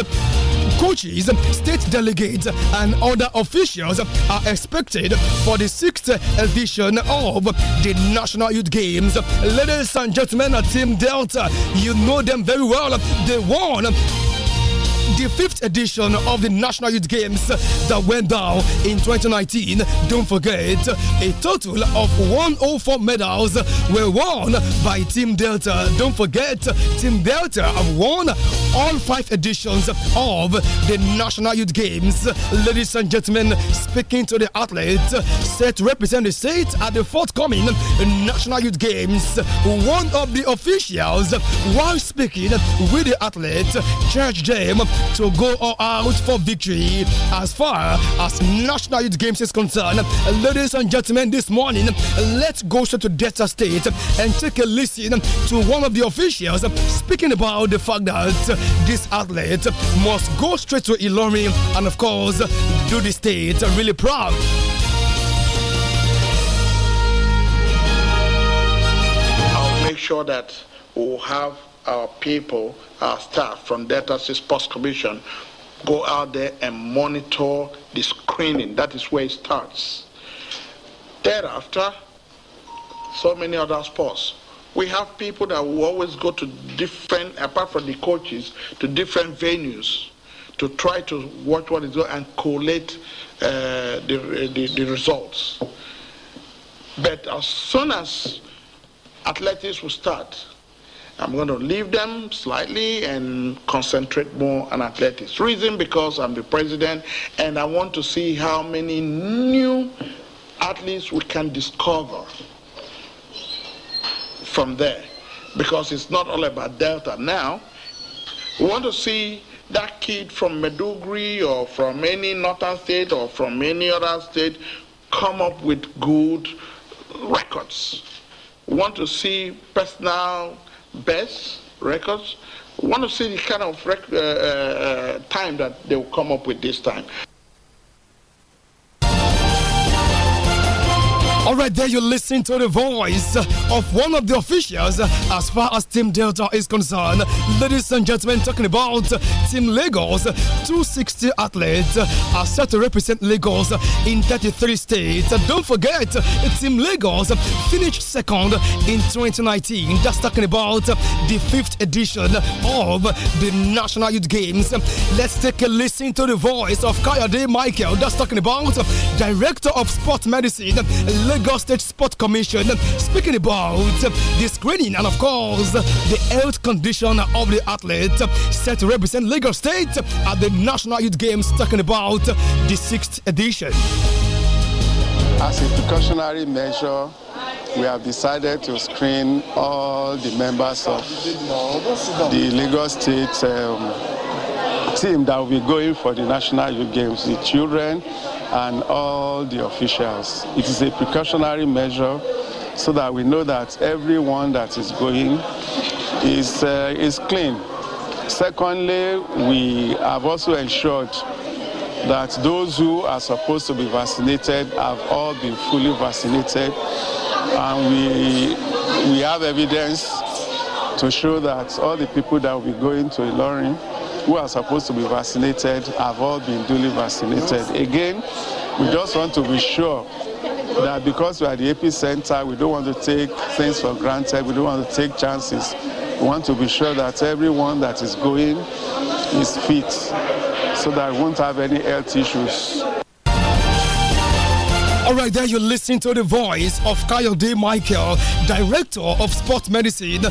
coaches, state delegates, and other officials are expected for the sixth edition of the National Youth Games. Ladies and gentlemen, Team Delta, you know them very well. They won the fifth edition of the National Youth Games that went down in 2019. Don't forget, a total of 104 medals were won by Team Delta. Don't forget, Team Delta have won all five editions of the National Youth Games. Ladies and gentlemen, speaking to the athlete set to represent the state at the forthcoming National Youth Games, one of the officials while speaking with the athlete, charged James to go out for victory as far as National Youth Games is concerned. Ladies and gentlemen, this morning, let's go straight to Delta State and take a listen to one of the officials speaking about the fact that this athlete must go straight to Ilorin and, of course, do the state really proud. I'll make sure that we'll have our people, our staff from Data Sports Commission go out there and monitor the screening. That is where it starts. Thereafter, so many other sports. We have people that will always go to different, apart from the coaches, to different venues to try to watch what is going and collate uh, the, the, the results. But as soon as athletics will start, I'm going to leave them slightly and concentrate more on athletics. Reason because I'm the president and I want to see how many new athletes we can discover from there. Because it's not all about Delta now. We want to see that kid from Medugri or from any northern state or from any other state come up with good records. We want to see personal best records. Want to see the kind of uh, uh, uh, time that they will come up with this time. All right, there you listen to the voice of one of the officials as far as Team Delta is concerned. Ladies and gentlemen, talking about Team Lagos, 260 athletes are set to represent Lagos in 33 states. Don't forget, Team Lagos finished second in 2019. Just talking about the fifth edition of the National Youth Games. Let's take a listen to the voice of Kayade Michael. Just talking about Director of Sport Medicine. Lagos State Sport Commission, speaking about the screening and, of course, the health condition of the athlete set to represent Lagos State at the National Youth Games, talking about the sixth edition. As a precautionary measure, we have decided to screen all the members of the Lagos State um, team that will be going for the National Youth Games, the children, and all the officials. It is a precautionary measure so that we know that everyone that is going is, uh, is clean. Secondly, we have also ensured that those who are supposed to be vaccinated have all been fully vaccinated and we, we have evidence to show that all the people that will be going to Ilorin who are supposed to be vaccinated have all been duly vaccinated. Again, we just want to be sure that because we are the epicenter, we don't want to take things for granted, we don't want to take chances. We want to be sure that everyone that is going is fit so that we won't have any health issues. All right, there you're listening to the voice of D. Michael, Director of Sport Medicine,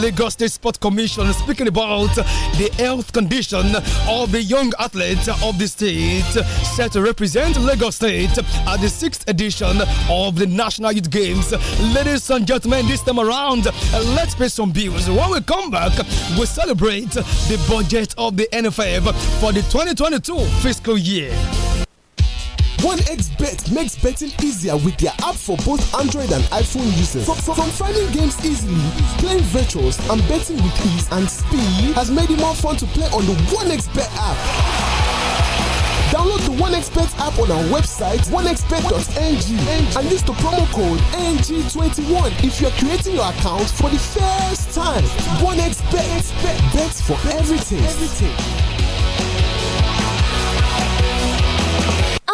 Lagos State Sport Commission, speaking about the health condition of the young athletes of the state set to represent Lagos State at the sixth edition of the National Youth Games. Ladies and gentlemen, this time around, let's pay some bills. When we come back, we celebrate the budget of the NFF for the 2022 fiscal year. 1xBet makes betting easier with their app for both Android and iPhone users. From, from, from finding games easily, playing virtuals, and betting with ease and speed has made it more fun to play on the 1xBet app. Download the One Bet app on our website, onexpert.ng, and use the promo code NG21 if you're creating your account for the first time. One Bet bets for everything. everything.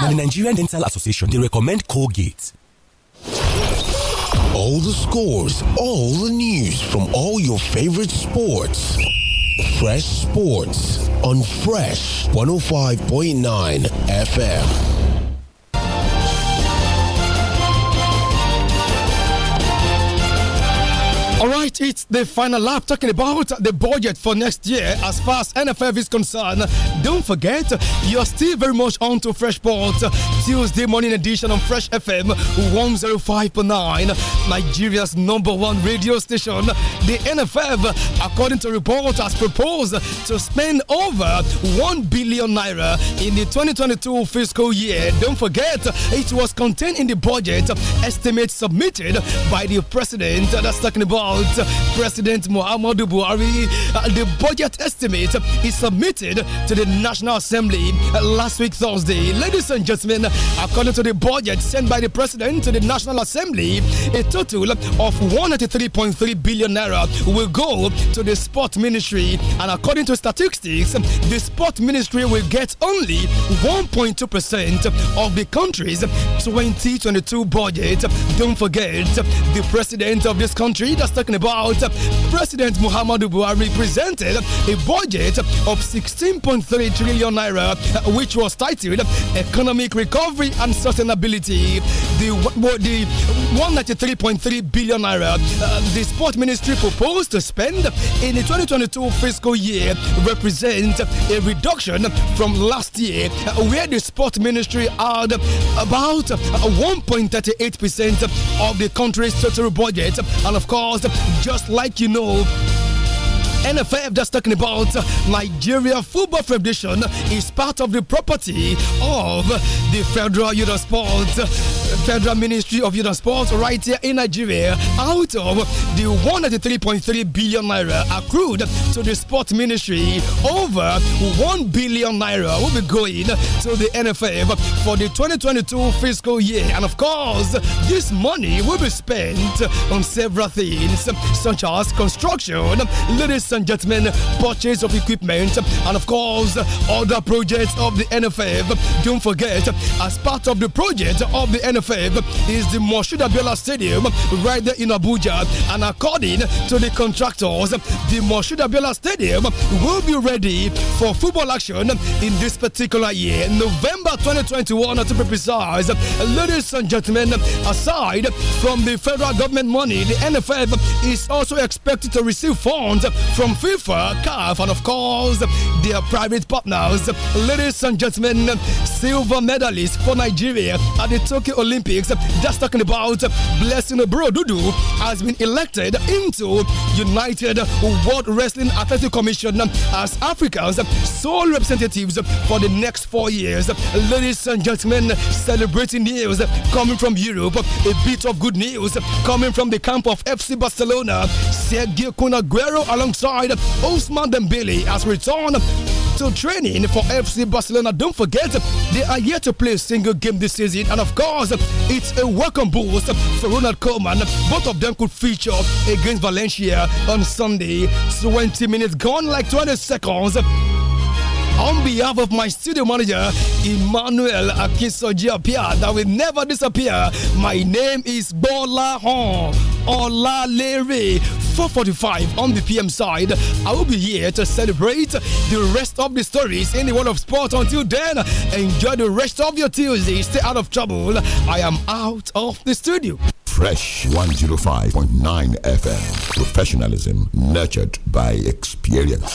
now, the Nigerian Dental Association, they recommend Colgate. All the scores, all the news from all your favorite sports. Fresh Sports on Fresh 105.9 FM. All right, it's the final lap talking about the budget for next year as far as NFF is concerned. Don't forget, you're still very much on to Fresh Port Tuesday morning edition on Fresh FM 105.9, Nigeria's number one radio station. The NFF, according to reports, has proposed to spend over 1 billion naira in the 2022 fiscal year. Don't forget, it was contained in the budget estimate submitted by the president. That's talking about about President Muhammadu Buhari. Uh, the budget estimate is submitted to the National Assembly uh, last week, Thursday. Ladies and gentlemen, according to the budget sent by the President to the National Assembly, a total of 183.3 billion naira will go to the Sport Ministry. And according to statistics, the Sport Ministry will get only 1.2% of the country's 2022 budget. Don't forget, the President of this country, that's talking about uh, President Muhammadu Buhari presented a budget of 16.3 trillion naira, uh, which was titled Economic Recovery and Sustainability. The, the 193.3 billion naira uh, the sport ministry proposed to spend in the 2022 fiscal year represents a reduction from last year, uh, where the sport ministry had about 1.38% of the country's total budget. And of course, just like you know NFF just talking about Nigeria Football Federation is part of the property of the Federal Youth and Sport Federal Ministry of Youth and Sports right here in Nigeria out of the 183.3 billion naira accrued to the sports ministry over 1 billion naira will be going to the NFF for the 2022 fiscal year and of course this money will be spent on several things such as construction leadership ladies and gentlemen, purchase of equipment, and of course, other projects of the NFF. Don't forget, as part of the project of the NFF is the Moshood Abiola Stadium right there in Abuja. And according to the contractors, the Moshood Abiola Stadium will be ready for football action in this particular year, November 2021 to be precise. Ladies and gentlemen, aside from the federal government money, the NFF is also expected to receive funds from FIFA, CAF, and of course, their private partners. Ladies and gentlemen, silver medalist for Nigeria at the Tokyo Olympics, just talking about Blessing bro Dudu, has been elected into United World Wrestling Athletic Commission as Africa's sole representatives for the next four years. Ladies and gentlemen, celebrating news coming from Europe, a bit of good news coming from the camp of FC Barcelona. Sergio Kun alongside side, Osman Dembele, has returned to training for FC Barcelona. Don't forget, they are yet to play a single game this season. And of course, it's a welcome boost for Ronald Koeman. Both of them could feature against Valencia on Sunday. 20 minutes gone, like 20 seconds on behalf of my studio manager, Emmanuel Akisoji Apia, that will never disappear. My name is Bola Hon Ola Larry. 4:45 on the PM side. I will be here to celebrate the rest of the stories in the world of sport. Until then, enjoy the rest of your Tuesday. Stay out of trouble. I am out of the studio. Fresh 105.9 FM. Professionalism nurtured by experience.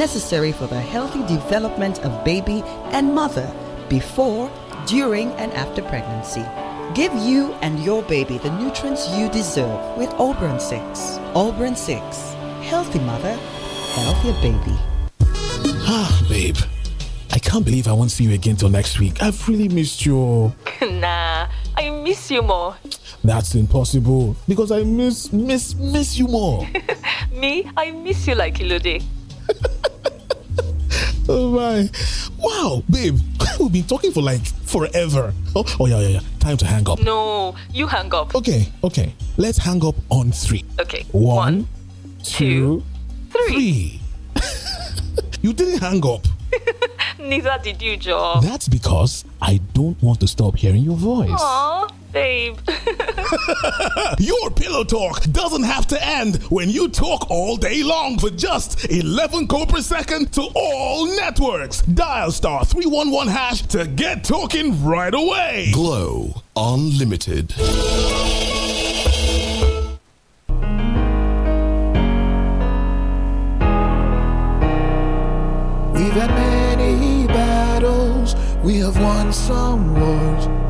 necessary for the healthy development of baby and mother before, during, and after pregnancy. Give you and your baby the nutrients you deserve with Auburn 6. Auburn 6. Healthy mother, healthier baby. Ah, babe. I can't believe I won't see you again till next week. I've really missed you. *laughs* nah, I miss you more. That's impossible because I miss, miss, miss you more. *laughs* Me, I miss you like Ilode. *laughs* Oh my. Wow, babe. *laughs* We've been talking for like forever. Oh, oh yeah, yeah, yeah. Time to hang up. No, you hang up. Okay, okay. Let's hang up on three. Okay. One, One two, two, three. three. *laughs* you didn't hang up. *laughs* Neither did you, Joe. That's because I don't want to stop hearing your voice. Aww. Dave. *laughs* Your pillow talk doesn't have to end when you talk all day long for just 11 co per second to all networks. Dial star 311 hash to get talking right away. Glow Unlimited. We've had many battles, we have won some wars.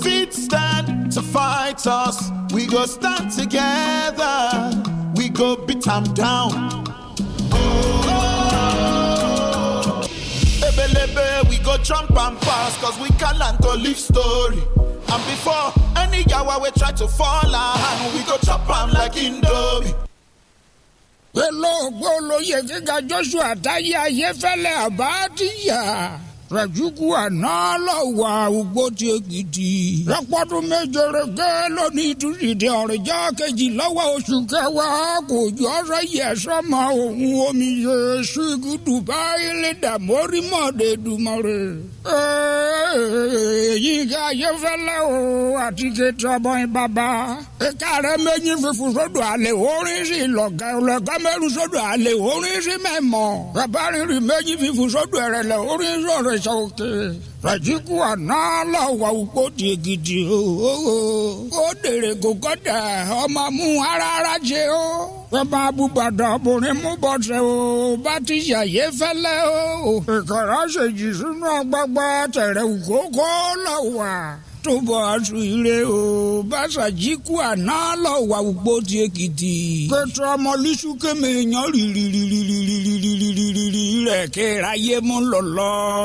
fit stand to fight us. We go stand together. We go beat them down. Oh, Ebelebe, we go jump and pass, cause we can land to live story. And before any yawa we try to fall and we go chop them like Indomie. olóògbé olóyè gíga joshua táyé ayéfẹ́lẹ́ àbá díyà rẹ̀júkú àná lọ́wọ́ àwùgbó tí ó gidi. rẹpọdún méje rege lónìí ìtúsídẹ̀ ọ̀rẹ́jà kejì lọ́wọ́ oṣù kẹwàá kò jọ ọ̀rẹ́ yẹ sọ́mọ òun omi yẹ ṣùgùdù báyìí lè dàmórí mọ́ọ̀dẹ́dùmọ́rẹ́ yíga ayéfẹ́lẹ́ o àti kẹtù ọmọye bàbá. ìka rẹ méjì fífún sódò àlè orin sí lọ́gà lọ́gà mẹ́rin sódò àlè orin sí mẹ́mọ́. bàbá rìnrìn méjì fífún sódò ẹ̀rẹ̀lẹ̀ orin sọ̀rọ̀ ìṣòkè. Ràjíkù àná lọ́wọ́ ògbódì gidi ó dèrè gògọ́dẹ̀ ọmọ mú arára jẹ ó. Bàbá Abúgbàdàn obìnrin mú bọ̀sẹ̀ o, bá ti yàyé fẹ́lẹ́ o. Ìkàrà ṣèjì sínú agbágbá tẹ̀rẹ̀ ògógó lọ́wọ́ tó bọ̀ aṣọ ire o bàṣàjíkù àná lọ wà gbogbo ti èkìtì. pẹ̀tọ́ ọmọlísù kémi yan rìrìrìrìrìrìrìrì rẹ̀ kéra yé mú lọ́lọ́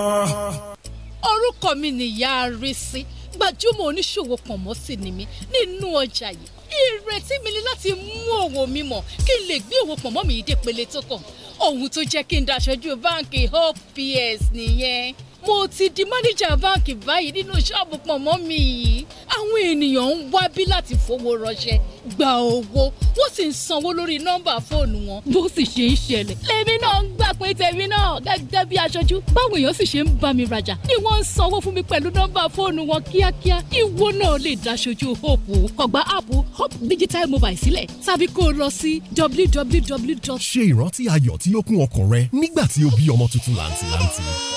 orúkọ mi nìyá arísí gbajúmọ̀ oníṣòwò pọ̀nmọ́ sì ni mí nínú ọjà yìí ìrètí mi ni láti mú òwò mi mọ̀ kí n lè gbé òwò pọ̀nmọ́ mi dé pele tó kàn ohun tó jẹ́ kí n daṣojú báǹkì hope ps nìyẹn mo ti di mánìjà báǹkì báyìí nínú ṣọ́ọ̀bù pọ̀nmọ́ mi yìí àwọn ènìyàn ń wábí láti fowó rọṣẹ́ gba owó wọ́n sì ń sanwó lórí nọ́mbà fóònù wọn. bó sì ṣe ń ṣẹlẹ̀. lèmi náà ń gbà pé tèmi náà gẹ́gẹ́ bí aṣojú báwọn èèyàn sì ṣe ń bá mi rajà ni wọ́n ń sanwó fún mi pẹ̀lú nọ́mbà fóònù wọn kíákíá ìwọ náà lè daṣojú hope kọgbà app hope digital mobile sílẹ̀ tàbí kó o lọ sí www. ṣe ìrántí ayọ̀ tí ó kún ọkàn rẹ nígbà tí o bí ọmọ tuntun làǹtìlanti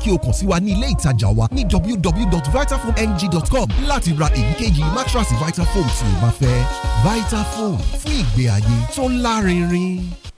kí o kàn sí wa ní ilé ìtajà wa ní www.vitafoamng.com láti ra èyíkéyìí mattress. Vitafoam tí o bá fẹ́ Vitafoam fún ìgbé ayé tó lárinrin.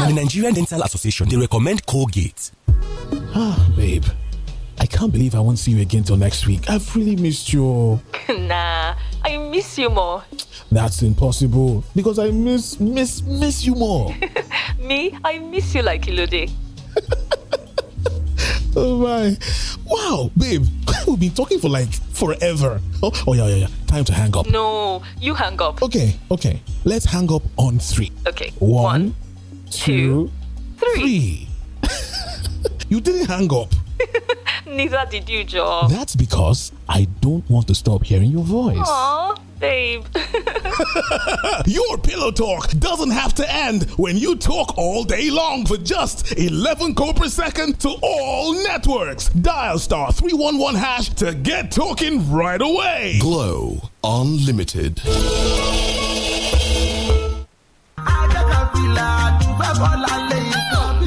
Now, the Nigerian Dental Association, they recommend Colgate. Ah, babe. I can't believe I won't see you again till next week. I've really missed you. *laughs* nah, I miss you more. That's impossible because I miss, miss, miss you more. *laughs* Me, I miss you like Ilode. *laughs* oh my. Wow, babe, we've been talking for like forever. Oh, oh, yeah, yeah, yeah. Time to hang up. No, you hang up. Okay, okay. Let's hang up on three. Okay. One, One two, two three. three. *laughs* you didn't hang up. *laughs* Neither did you, Joe. That's because I don't want to stop hearing your voice. Aww, babe. *laughs* your pillow talk doesn't have to end when you talk all day long for just 11 co per second to all networks. Dial star 311 hash to get talking right away. Glow Unlimited. fẹ́ bọ́lá lẹ́yìn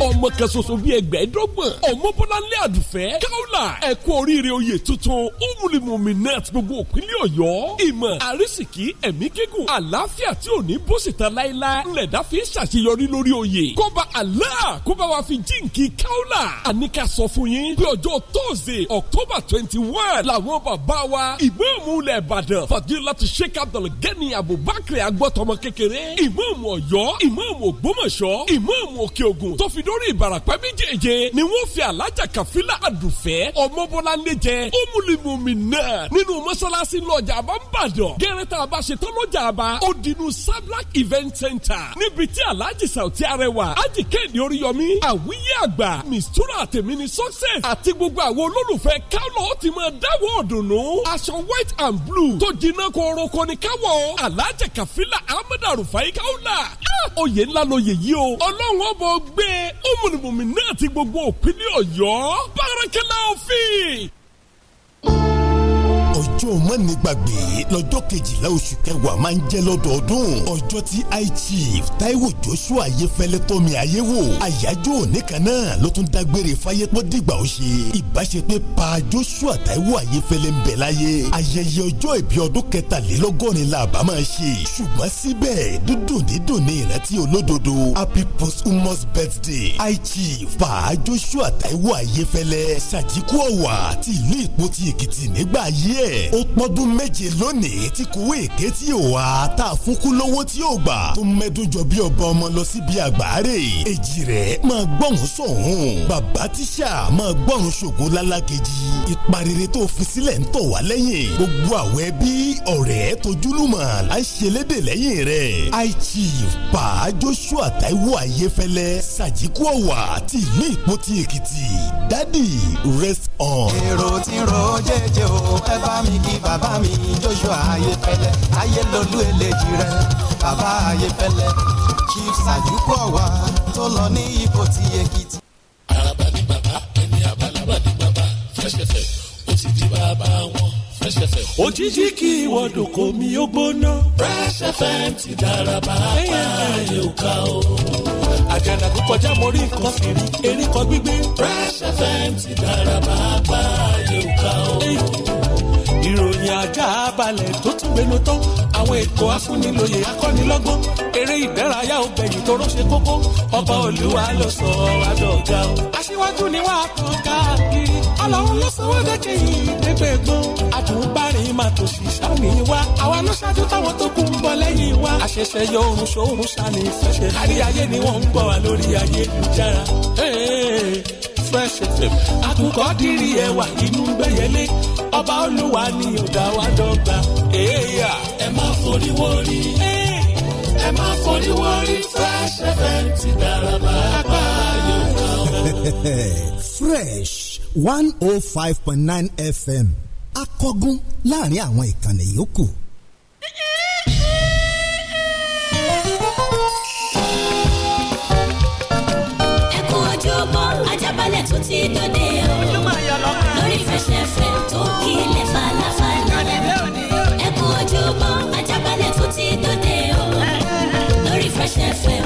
ọmọ kan ṣoṣo bíi ẹgbẹ̀ẹ́dọ́gbọ̀n ọmọbọ́láńlé àdùfẹ́ káwùlà ẹ̀kú oríire oyè tuntun umulimumi net gbogbo òpínlẹ̀ ọ̀yọ́ ìmọ̀ àrísìkí ẹ̀mí gígùn àlàáfíà tí ò ní bó síta láéláé ńlẹ̀dá fi ṣàṣeyọrí lórí oyè kọ́ba Allah kó bá wa fi jíǹkì káwùlà àníkà sọ fún yín bí ọjọ́ tóòzè October twenty one làwọn bàbá wa ìmáàmù ilẹ̀ Ìbàdàn Fadilatu Sheikh Abdulgani Abubakar agbọ́tọmọ kékeré ìmáàmù Ọ̀yọ́ ìmáàmù Ògbómọ̀ṣọ́ ìmáàmù Òkè Ògùn tó fi dó lórí ìbarapẹ́ méjèèje ni wọ́n fi alájà kàfílà àdùfẹ́ ọmọbọ́láńdé jẹ ọmúlimùmí náà nínú mọ́ṣáláṣí lọ́jà àbá ń bàdàn gẹ́rẹ́tà àbá ṣetán lọ́jà àbá ó sablak event center níbi tí alájì sàùtí arẹwà ájì kéde oríyọmí àwíyé àgbà mistura àtẹ̀mí ni success àti gbogbo àwọn olólùfẹ́ kálọ̀ ti máa dáwọ́ ọ̀dùnnú aṣọ white and blue tó jiná kọ̀ọ̀rọ̀kọ̀ ni káwọ̀ alájà kàfílà ahmed arufai káwọ́là ah! oyè ńlá lóye yìí o ọlọ́run ọ̀bọ̀ gbé ó múnibùnmí náà ti gbogbo òpínlẹ̀ ọ̀yọ́ bárakẹ́lá òfin ọjọ́ mánigbàgbé lọ́jọ́ kejìlá oṣù kẹwàá máa ń jẹ́ lọ́dọọdún ọjọ́ tí I chief Taiwo Joshua Ayéfẹ́lẹ́ tọ́mi ayéwò àyájọ́ òní kan náà ló tún dágbére fáyé pọ́ dìgbà ó ṣe ìbáṣepẹ́ pa Joshua Taiwo Ayéfẹ́lẹ́ ń bẹ láyé ayẹyẹ ọjọ́ ìbí ọdún kẹtàlélọ́gọ́rin la bá máa ṣe ṣùgbọ́n síbẹ̀ dúdùn dídùn ní ìrántí olódodo happy posthumous birthday I chief pa Joshua Taiwo Ayéfẹ́lẹ́ ṣàjíkú ọ̀wà ti ìlú Ìpoti Èkìtì nígbà ayé ẹ̀ bẹ́ẹ̀ ó pọ́dún méje lónìí tí kúwé èké tí ò wá tá a fún lówó tí ò gbà tó mẹ́dún jọ bí ọba ọmọ lọ síbi àgbáre èjì rẹ̀ máa gbọ́hùn sọ̀hún bàbá tíṣà máa gbọ́hùn ṣògo lálákejì ìparire tó fi sílẹ̀ ń tọ̀ wá lẹ́yìn gbogbo àwọn ẹbí ọ̀rẹ́ tójúlùmọ̀ à ń ṣe lédè lẹ́yìn rẹ̀ aichief pa Joshua Taiwo Ayéfẹ́lẹ́ sàjíkú ọ̀wà ti ìlú Ìpoti Èkìtì dádì rest on. èrò tí ro jẹ́jẹ́ o ẹ bá bá mi kí bàbá mi Joshua Ayéfẹ́lẹ́ ayélolú eléjì rẹ bàbá Ayéfẹ́lẹ́ Chief Sajuko wa tó lọ ní ipò ti Èkìtì. àràbà ni bàbá ẹni àbálàbà ni bàbá fẹsẹfẹ ó ti di baba wọn fẹsẹfẹ. òjijì kí ìwọ́dọ̀ kò ó gbóná. fẹsẹfẹ ti dára bàbá yóò ká o àjànà kó kọjá mo rí nǹkan fìrí erékọ gbígbé. fresh fm ti dára bàbá yóò ká o ìròyìn ajá balẹ̀ tó tún gbénu tán àwọn ètò afúnilòyè akọ́nilọ́gbọ́n eré ìdárayá obìnrin tó rọ́ṣẹ́ kókó ọba olúwa ló sọ adọ́gà o. aṣíwájú ni wàá kàn káàkiri ọlọ́run ló sanwó dẹ́kẹ́ yìí débẹ̀ gbọ́n àdùnbárin máa tò sí sáni wa àwa ló ṣáájú táwọn tó kù ń bọ̀ lẹ́yìn wa àṣẹ̀ṣẹ̀ yọ oorun ṣòorun ṣàní ìfẹsẹ̀ káríayé ni wọ́n ń gbọ́ wa lórí ayélujára fresh fm àkùkọ dírí ẹwà inú délé ọba olúwa ni ó wa dọ́gba. ẹ má forí wọrí ẹ má forí wọrí Fresh FM ti dára pàápàá yóò kàn. Fresh one oh five point nine FM akọgun láàrin àwọn ìkànnì yòókù. ẹ kú ojúbọ Ajaabale tó ti dòde Fresh FM tó kílẹ̀ falafala. ẹ kú ojúmọ́ ajábalẹ̀ tó ti dòde o lórí Fresh FM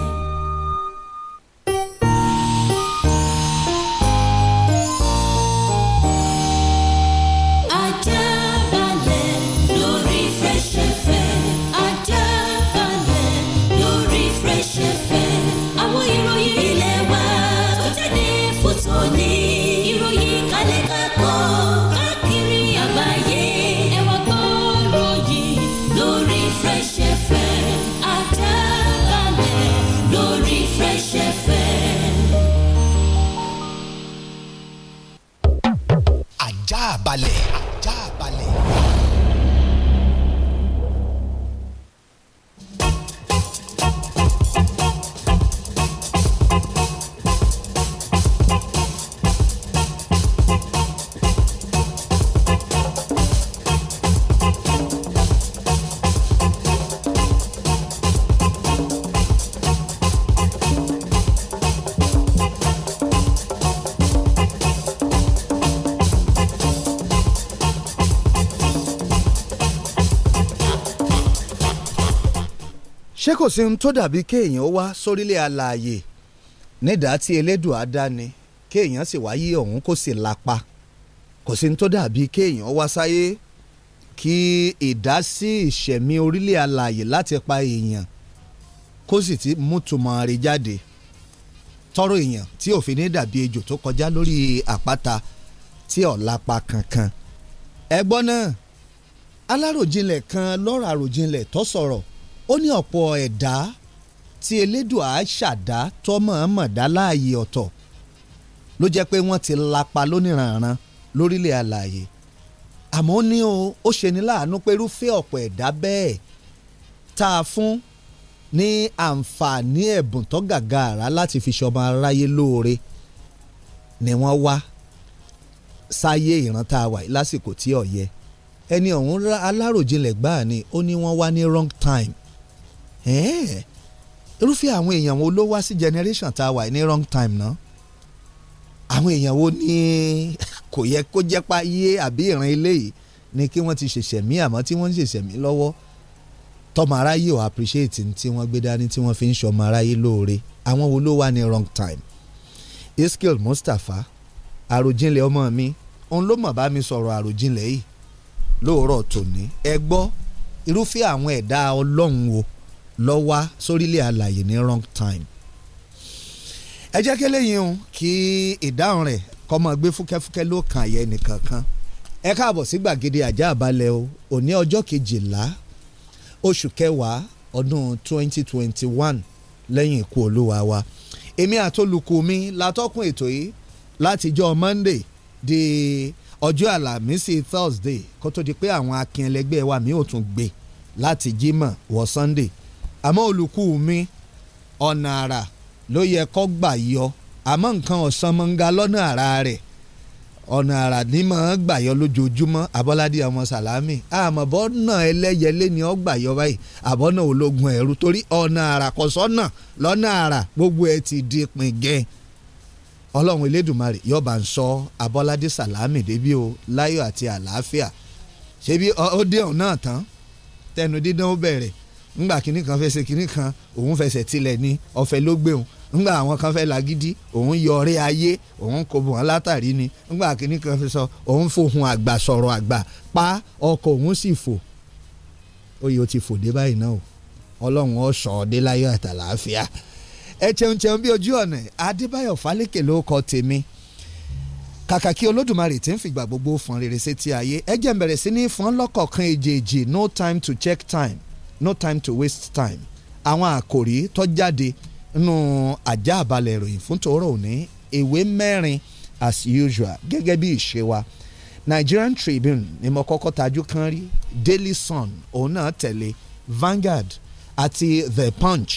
kò sí ohun tó dàbí kéèyàn wá sórílẹ̀ alààyè nídàá tí elédùn àdáni kéèyàn sì wáyé ọ̀hún kó sì lápa kò sí ohun tó dàbí kéèyàn wá sáyé kí ìdásí ìṣẹ̀mí orílẹ̀ alààyè láti pa èèyàn kó sì ti mútùmọ̀ rẹ̀ jáde tọrọ èèyàn tí òfin ní dàbí ejò tó kọjá lórí àpáta tí ọ̀làpá kankan ẹgbọ́n náà aláròjinlẹ̀ kan lọ́rọ̀ àròjinlẹ̀ tó sọ̀rọ̀ ó ní ọ̀pọ̀ ẹ̀dá tí elédùà ṣàdá tọ́mọ̀ọ́mọ̀dá láàyè ọ̀tọ̀ ló jẹ́ pé wọ́n ti lapa lóníranran lórílẹ̀ àlàyé àmọ́ ó ní o ó ṣe ní láàánú pé irúfẹ́ ọ̀pọ̀ ẹ̀dá bẹ́ẹ̀ tá a fún ní àǹfààní ẹ̀bùn tó gàgàrà láti fi ṣọmọ aráyé lóore ni wọ́n wá sáyé ìran tá a wà lásìkò tí ó ẹni ọ̀hún aláròjinlẹ̀ gbáà ni ó ní wọ́n wá ní wrong time irúfẹ́ àwọn èèyàn wo ló wá sí generation tá a wà ní wrong time náà àwọn èèyàn wo ni kò yẹ kó jẹ́ pa yé àbí ìran ilé yìí ni kí wọ́n ti ṣẹ̀ṣẹ̀ mí àmọ́ tí wọ́n ń ṣẹ̀ṣẹ̀ mí lọ́wọ́ tọmọ aráyé ò appreciate tí wọ́n gbé dání tí wọ́n fi ń ṣọmọ aráyé lóore àwọn wo ló wà ní wrong time Eskil Mustapha àròjinlẹ̀ ọmọ mi òun ló mọ̀ bá mi sọ̀rọ̀ àròjinlẹ̀ yìí lóòrọ̀ tòní ẹ gbọ́ irúfẹ́ àwọn ẹ̀dá ọlọ́run wo lọ wá sórílẹ̀ àlàyé ní wrong time. ẹ jẹ́ kí eléyìí hùn kí ìdáhùn rẹ̀ kọ́ mọ́ gbé fúkẹ́fúkẹ́ ló kàn yẹ nìkankan ẹ káàbọ̀ sí gbàgede àjà àbálẹ̀ o òní ọjọ́ kejìlá oṣù kẹwàá ọdún 2021 lẹ́yìn ikú olúwa wa èmi àtolùkù mi látọ́kùn ètò yìí látijọ́ Monday di ọjọ́ àlàmísì Thursday kó tó di pé àwọn akin ẹlẹgbẹ́ wa mi ò tún gbé láti Jímọ̀ wọ Sunday àmọ́ olùkú mi ọ̀nà àrà ló yẹ kó gbà yọ àmọ́ nǹkan ọ̀sán mọ́ngá lọ́nà àrà rẹ̀ ọ̀nà àrà ní mọ̀ ọ́n gbà yọ lójoojúmọ́ abọ́ládé ọmọ sàlámì àmọ̀bọ́ náà ẹlẹ́yẹlé ni ọ́ gbà yọ báyìí àbọ̀ náà ológun ẹ̀rú torí ọ̀nà àrà kọ̀sọ́nà lọ́nà àrà gbogbo ẹ̀ ti di pingẹ́ ọlọ́run elédùnmarè yọba ń sọ abọ́ládé sàlámì débí o láyọ̀ àti àlàáfíà ṣebí ó dé ọ̀nà tán tẹnu ó bẹ̀rẹ̀ ńgbà kini kan fẹsẹ̀ kínní kan òun fẹsẹ̀ tilẹ̀ ní ọ̀fẹ́ ló gbé òun ńgbà àwọn kan fẹ́ lagídí òun yọrí ayé òun kò bọ̀ wọ́n látàrí ni ńgbà kínní kan fi sọ òun fohùn àgbà sọ̀rọ̀ àgbà pa ọkọ̀ òun sì fò oyè ó ti fò dé báyìí náà o ọlọ́run ó sọ ọ́ dé láyọ̀ àtàlàáfíà ẹ cheun cheun bí ojú ọ̀nà adébáyọ̀ fálékè ló kọ tèmi kàkà kí olódùmarè tí ń fìgbà gbogbo fọn rere sétí ayé ẹ jẹ́ bẹ̀rẹ̀ sí ní fọn lọ́kọ̀ọ̀kan èjèèjì no time to check time no time to waste time àwọn àkòrí tó jáde nínú àjà àbálẹ̀ ìròyìn fún tòórọ́ òní ìwé mẹ́rin as usual gẹ́gẹ́ bí ìṣe Nigerian Tribune ni mo kọ́kọ́ tajú kan rí Daily Sun òun náà tẹ̀lé Vanguard àti The Punch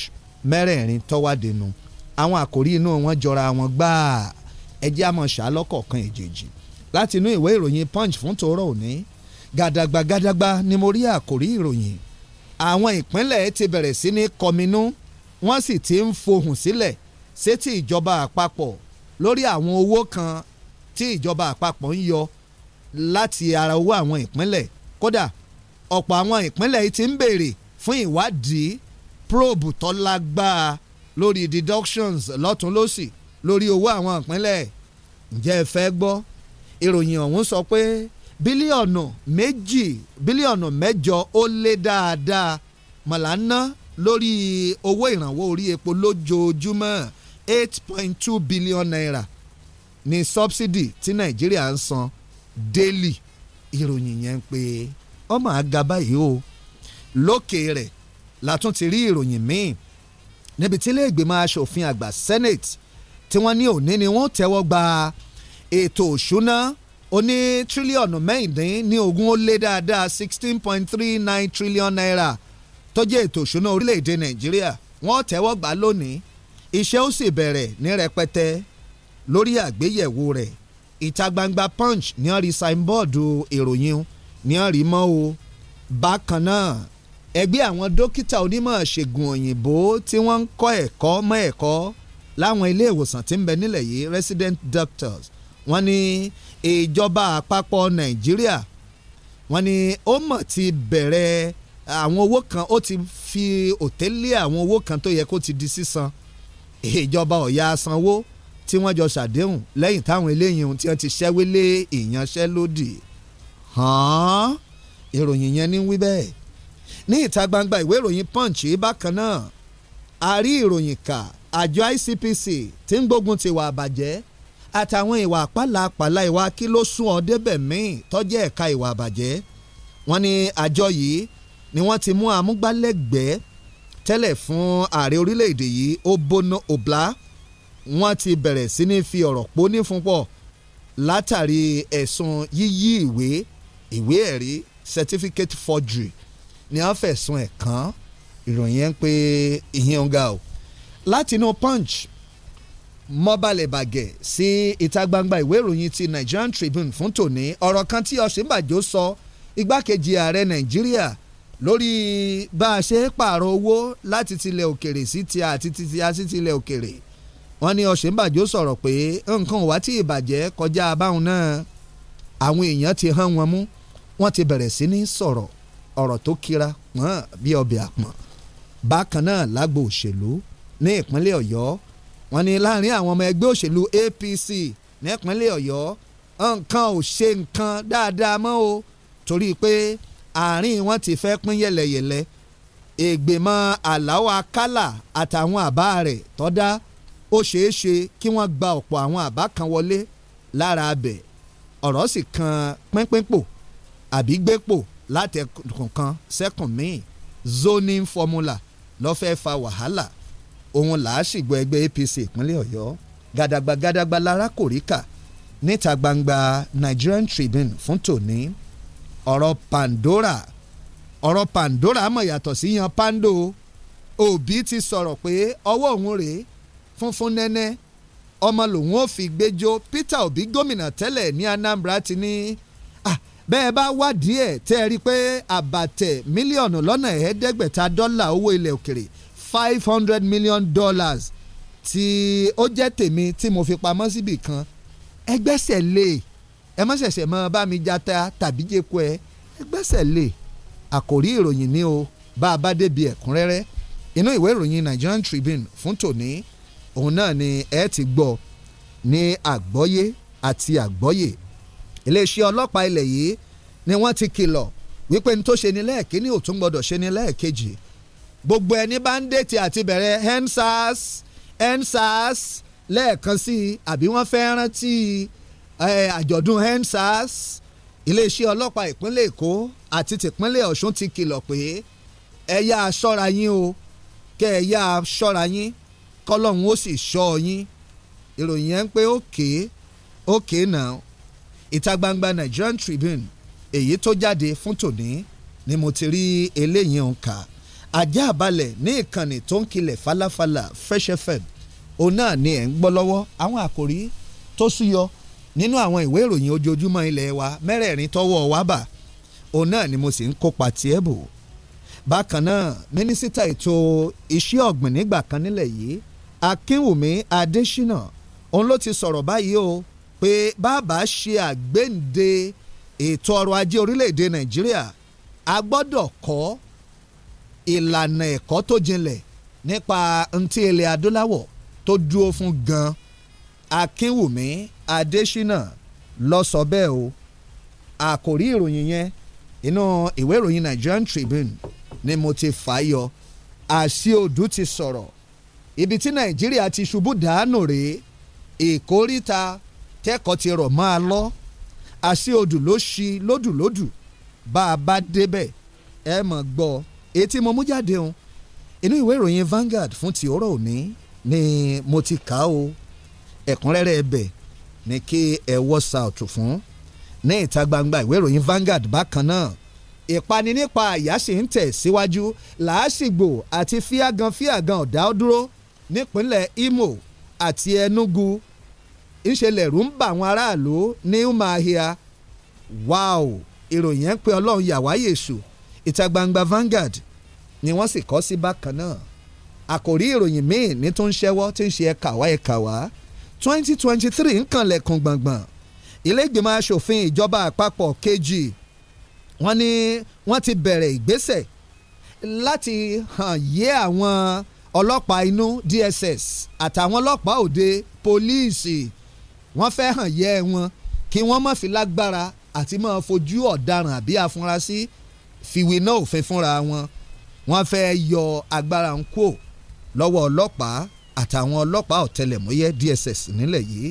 mẹ́rẹ̀ẹ̀rin tọ́wádìínu àwọn àkòrí inú wọn jọra wọn gbáà ẹjẹ́ àmọ́ ṣàlọ́kọ̀ọ̀kan èjèèjì láti inú ìwé ìròyìn Punch fún tòórọ́ òní gàdàgbà gàdàgbà ni mo rí àkòrí ìròyìn àwọn ìpínlẹ̀ ti bẹ̀rẹ̀ sí ní kọminú wọ́n sì ti ń fohùn sílẹ̀ sétí ìjọba àpapọ̀ lórí àwọn owó kan tí ìjọba àpapọ̀ ń yọ láti ara owó àwọn ìpínlẹ̀ kódà ọ̀pọ̀ àwọn ìpínlẹ̀ ti ń béèrè fún ìwádìí probe tó lórí deductions lọ́tún lọ́sì lórí owó àwọn ìpínlẹ̀ ǹjẹ́ ẹ fẹ́ gbọ́ ìròyìn ọ̀hún sọ pé bílíọ̀nù méjì bílíọ̀nù mẹ́jọ ó lé dáadáa mọ̀lá ná lórí owó ìrànwọ́ orí epo lójoojúmọ́ eight point two billion naira ní subsidy tí nàìjíríà ń san daily ìròyìn yẹn ń pé ọmọ àga báyìí o lókè rẹ̀ látún ti rí ìròyìn míì níbi tí ilé asòfin àgbà senate tí wọ́n ní òní ni wọ́n tẹ́wọ́ gba ètò òṣùná oní tírílíọ̀nù mẹ́rìndín ní ogún ó lé dáadáa sixteen point three nine trillion naira tó jẹ́ ètò ìṣúná orílẹ̀-èdè nàìjíríà wọ́n tẹ́wọ́ gbà lónìí iṣẹ́ ó sì bẹ̀rẹ̀ ní rẹpẹtẹ lórí àgbéyẹ̀wò rẹ̀ ìta gbangba punch ní wọ́n rí signboard ìròyìn ní wọ́n mọ́ o bákan náà ẹgbẹ́ àwọn dókítà onímọ̀ ṣègùn òyìnbó tí wọ́n ń kọ́ ẹ̀kọ́ mọ́ ẹ̀kọ́ láwọn ilé ìwòsàn tí ń bẹ nílẹ̀ yìí resident doctors wọ́n ní ìjọba àpapọ̀ nàìjíríà wọ́n ní ó mọ̀ ti bẹ̀rẹ̀ àwọn owó kan ó ti fi òtẹ́lẹ̀ àwọn owó kan tó yẹ kó ti di sísan ìjọba ọ̀yà sanwó tí wọ́n jọ ṣàdéhùn lẹ́yìn táwọn eléyìí ohun tí wọ́n ti ṣẹ́wélé ìyanṣẹ́lódì hàn ìròyìn yẹn ní wí bẹ́ẹ̀ ní ìta gbangba ìwé ìròyìn punch bákan náà a rí ìròyìn kà àjọ ICPC tí ń gbógun ti wà bàjẹ́ àtàwọn ìwà pálapàla ìwà kí ló sún ọ débẹ̀ míì tọ́jẹ́ ẹ̀ka ìwà àbàjẹ́ wọ́n ní àjọ yìí ni wọ́n ti mú amúgbálẹ́gbẹ̀ẹ́ tẹ́lẹ̀ fún ààrẹ orílẹ̀-èdè yìí Obono Obla wọ́n ti bẹ̀rẹ̀ sí ní fi ọ̀rọ̀ pó ní fún pọ̀ látàrí ẹ̀sùn yíyí ìwé ìwé ẹ̀rí certificate forgery ni wọ́n fẹ̀sùn ẹ̀ kàn ìròyìn ẹ̀ ń pé ìyẹn ń ga o látinú punch mọ́balẹ̀ bàgẹ́ sí ìta gbangba ìwé ìròyìn ti Nigerian Tribune fún tòní ọ̀rọ̀ kan tí Ọ̀ṣínbàjò sọ igbákejì ààrẹ Nàìjíríà lórí bá a ṣe pààrọ̀ owó láti tilẹ̀ òkèrè sí ti àti titi àti tilẹ̀ òkèrè wọ́n ní Ọ̀ṣínbàjò sọ̀rọ̀ pé nǹkan wá tí ìbàjẹ́ kọjá báwọn náà àwọn èèyàn ti hàn wọn mú wọ́n ti bẹ̀rẹ̀ sí ní sọ̀rọ̀ ọ̀rọ̀ tó kira pọ́n bí ọbẹ̀ àpọ̀n bákan náà lágbo òṣèlú ní ìpínlẹ̀ Ọ̀yọ́ wọ́n ní láàrin àwọn ọmọ ẹgbẹ́ òṣèlú APC nípínlẹ̀ Ọ̀yọ́ nǹkan ò ṣe nǹkan dáadáa mọ́ o torí pé àárín wọn ti fẹ́ pín yẹ̀lẹ̀yẹ̀lẹ̀ ìgbìmọ̀ aláwọ̀ akálà àtàwọn àbá rẹ̀ tọ́dá ó ṣeé ṣe kí wọ́n gba ọ̀pọ̀ àwọn àbá kan wọlé lára abẹ̀ ọ̀rọ̀ sì kan pínpínpò àbí gbépò látẹ̀kùn kan sẹ́kùn míì zoning formula ló fẹ́ fa wàhálà òun làásìgbọ́ ẹgbẹ́ APC ìpínlẹ̀ Ọ̀yọ́ gàdàgbà gàdàgbà lára kò rí kà níta gbangba Nigerian Tribune fún tòní ọ̀rọ̀ Pandora ọ̀rọ̀ Pandora mọ̀ yàtọ̀ sí yan pando Obi ti sọ̀rọ̀ pé ọwọ́ òun rèé funfun nẹ́nẹ́ ọmọ lòun ò fi gbẹjọ Peter Obi gómìnà tẹ́lẹ̀ ní Anambra ti ní bẹ́ẹ̀ bá wádìí ẹ̀ tẹ́ ẹ rí i pé àbàtẹ̀ mílíọ̀nù lọ́nà ẹ̀ẹ́dẹ́gbẹ̀ta dọ́là owó ilẹ̀ òkèrè five hundred million dollars tí ó jẹ́ tèmi tí mo fi pamọ́ síbì kan ẹ gbẹ́sẹ̀ lé ẹ má ṣẹ̀ṣẹ̀ mọ́ bá mi jata tàbí jẹ́kọ̀ ẹ ẹ gbẹ́sẹ̀ lé àkòrí ìròyìn ni o bá a bá débi ẹ̀kúnrẹ́rẹ́ inú ìwé ìròyìn Nigerian Tribune fún tòní òun náà ni ẹ ti gbọ́ ní àgbọ́yé àti àgbọ́yé iléeṣẹ́ ọlọ́pàá ilẹ̀ yìí ni wọ́n ti kìlọ̀ wípé ní tó ṣe ni lẹ́ẹ̀kíní ò tún gbọ́dọ̀ ṣe ni lẹ́ẹ̀kejì gbogbo ẹni bá ń dètè àti bẹ̀rẹ̀ ensars ensars lẹ́ẹ̀kan sí i àbí wọ́n fẹ́ rántí àjọ̀dún ensars iléeṣẹ́ ọlọ́pàá ìpínlẹ̀ èkó àti tìpínlẹ̀ ọ̀ṣun ti kìlọ̀ pé ẹ yá a ṣọ́ra yín o kẹ́ ẹ yá a ṣọ́ra yín kọ́lọ́hún ó sì ṣọ́ yín ìròyìn yẹn ń pé òkè òkè náà ìta gbangba Nigerian Tribune èyí tó jáde fún tòní ni mo ti rí eléyìí ń kà ajá balẹ̀ ní ìkànnì tó ń kilẹ̀ falafala Fresh FM òun náà ni ẹ̀ ń gbọ́ lọ́wọ́ àwọn àkòrí tó súyọ nínú àwọn ìwé ìròyìn ojoojúmọ́ ilẹ̀ wa mẹ́rẹ̀ẹ̀rin tọ́wọ́ wa bà òun náà ni mo sì ń kópa tiẹ̀ bò bákan náà mínísítà ètò iṣẹ́ ọ̀gbìn nígbà kan nílẹ̀ yìí Akínwùmí Adésínà òun ló ti sọ̀rọ̀ báyìí o pé bàbá ṣe àgbéǹde ètò ọrọ̀ ajé orílẹ̀-èdè Nàìjíríà a gbọ́dọ̀ kọ́ ìlànà ẹ̀kọ́ tó jinlẹ̀ nípa ntí ilẹ̀ adúláwọ̀ tó dúró fún gan Akínwùmí Adésínà lọ sọ bẹ́ẹ̀ o àkòrí ìròyìn yẹn inú ìwé ìròyìn Nigerian Tribune ni mo ti fà yọ Àṣìòdù ti sọ̀rọ̀ ibi tí Nàìjíríà ti ṣubú dànù rèé ìkóríta tẹ́kọ̀ọ́ ti rọ̀ máa lọ Àṣìòdù ló ṣí lódùlódù bá a bá débẹ̀ ẹ mọ̀ gbọ́ etí mo mú jáde òun inú ìwé ìròyìn Vanguard fún ti òórọ̀ òní ni mo ti kà á o ẹ̀kúnrẹ́rẹ́ ẹbẹ̀ ni kí ẹ wọ́sà ọ̀tún fún ní ìta gbangba ìwé ìròyìn Vanguard bákan náà ìpani nípa àyà sì ń tẹ̀ síwájú làásìgbò àti fíàgàn fíàgàn ọ̀dà dúró nípínlẹ̀ Imo àti Enugu ńṣẹlẹ̀rú ń bà àwọn aráàlú ní Umahia wow ìròyìn ẹ̀ ń pe Ọlọ́run yàwá yèṣù ìta gbangba Vanguard ni wọ́n sì kọ́ sí bákan náà àkòrí ìròyìn míì ní tó ń ṣẹ́wọ́ tí ń ṣe ẹ̀ka wá ẹ̀ka wá twenty twenty three ń kànlẹ̀ kan gbọ̀ngbọ̀n ilé ìgbìmọ̀ asòfin ìjọba àpapọ̀ kejì wọ́n ní wọ́n ti bẹ̀rẹ̀ ìgbésẹ̀ láti hàn yé àwọn ọlọ́pàá inú DSS àtàwọn ọlọ́pàá òde pólíìsì wọ́n fẹ́ hàn yé wọn kí wọ́n má fi lágbára àti máa fojú ọ̀daràn àbí afurasí fìwé náà òfin fúnra wọn wọ́n fẹ́ yọ agbára ń kó lọ́wọ́ ọlọ́pàá àtàwọn ọlọ́pàá ọ̀tẹlẹ̀múyẹ́ DSS nílẹ̀ yìí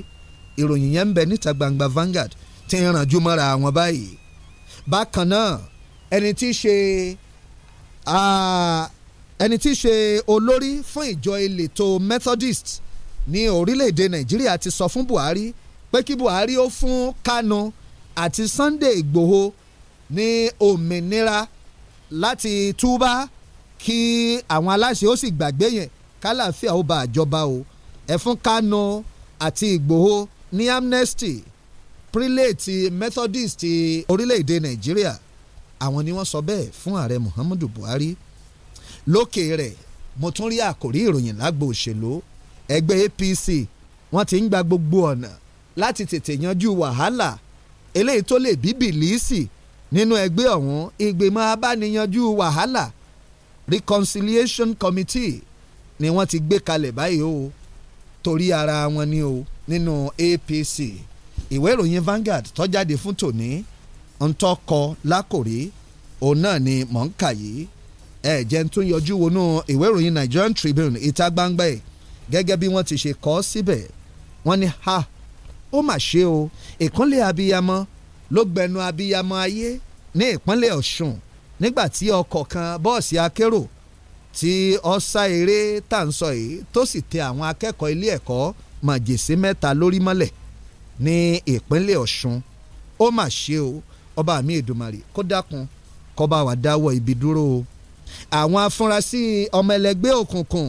ìròyìn yẹn ń bẹ níta gbangba Vanguard ti ń rànjú mọ́ra wọn báyìí bákan náà ẹni tí í ṣe ẹni tí í ṣe olórí fún ìjọ elétò Methodist ní orílẹ̀-èdè Nàìjíríà ti sọ fún Buhari pé kí Buhari ó fún Kanu àti Sunday Igboho ní òmìnira láti túbá kí àwọn aláṣẹ ó sì gbàgbé yẹn kálàáfíà ó bá àjọba o ẹ Kánò àti Ìgbòho ní amnesty prelate Methodist ti orílẹ̀-èdè Nàìjíríà àwọn ni wọ́n sọ bẹ́ẹ̀ fún ààrẹ Muhammadu Buhari lókè rẹ̀ mo tún rí àkòrí ìròyìn lágbo òṣèlú ẹgbẹ́ APC wọ́n ti ń gba gbogbo ọ̀nà láti tètè yanjú wàhálà eléyìí tó lè bí bìlíìsì nínú ẹgbẹ́ ọ̀hún ìgbìmọ̀ abániyanjú wàhálà reconciliation committee ni wọ́n ti gbé kalẹ̀ báyìí o torí ara wọn ni o nínú APC ìwé ìròyìn Vanguard tó fún tòní ń tọkọ lákòrí òun náà ni mò ń kà yìí ẹ jẹ́ ń tún yọjú wọnú ìwé ìròyìn Nigerian Tribune ìta gbangba ẹ̀ gẹ́gẹ́ bí wọ́n ti ṣe kọ síbẹ̀ wọ́n ní ha ó mà ṣe o ìkúnlẹ̀ abiyamọ ló gbẹnu abiyamọ ayé ní ìpínlẹ̀ Ọ̀ṣun nígbà tí ọkọ̀ kan bọ́ọ̀sì akérò tí ọ̀sá eré tá à ń sọ yìí tó sì tẹ àwọn akẹ́kọ̀ọ́ ilé ẹ̀kọ́ màjèsí mẹ́ta lórí mọ́lẹ̀ ní ìpínlẹ̀ Ọ̀ṣun ó mà ṣe o ọba mi Èdùmàrè kó dákun kó bá wa dáwọ́ ibi dúró o àwọn afurasí ọmọ ẹlẹgbẹ́ òkùnkùn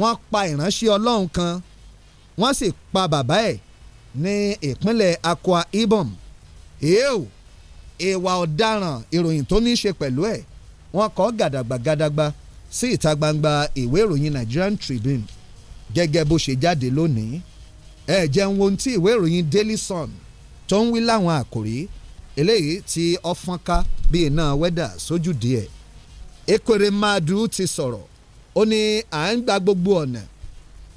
wọ́n pa ìránṣẹ́ Ọlọ́run kan wọ́n sì pa bàbá ẹ̀ ní ìpínlẹ̀ Akwa Ibom èèw ìwà ọ̀daràn ìròyìn tó ní í ṣe pẹ̀lú ẹ̀ wọ́n kọ gàdàgbà gàdàgbà sí ìta gbangba ìwé ìròyìn Nigerian Tribune gẹ́gẹ́ bó ṣe jáde lónìí ẹ jẹun ohun tí ìwé ìròyìn Daily Sun tó ń wí láwọn àkòrí eléyìí tí ọfọ́nká bíi iná wẹ́dà sójú díẹ̀ Ekweremadu ti sọ̀rọ̀ ó ní à ń gba gbogbo ọ̀nà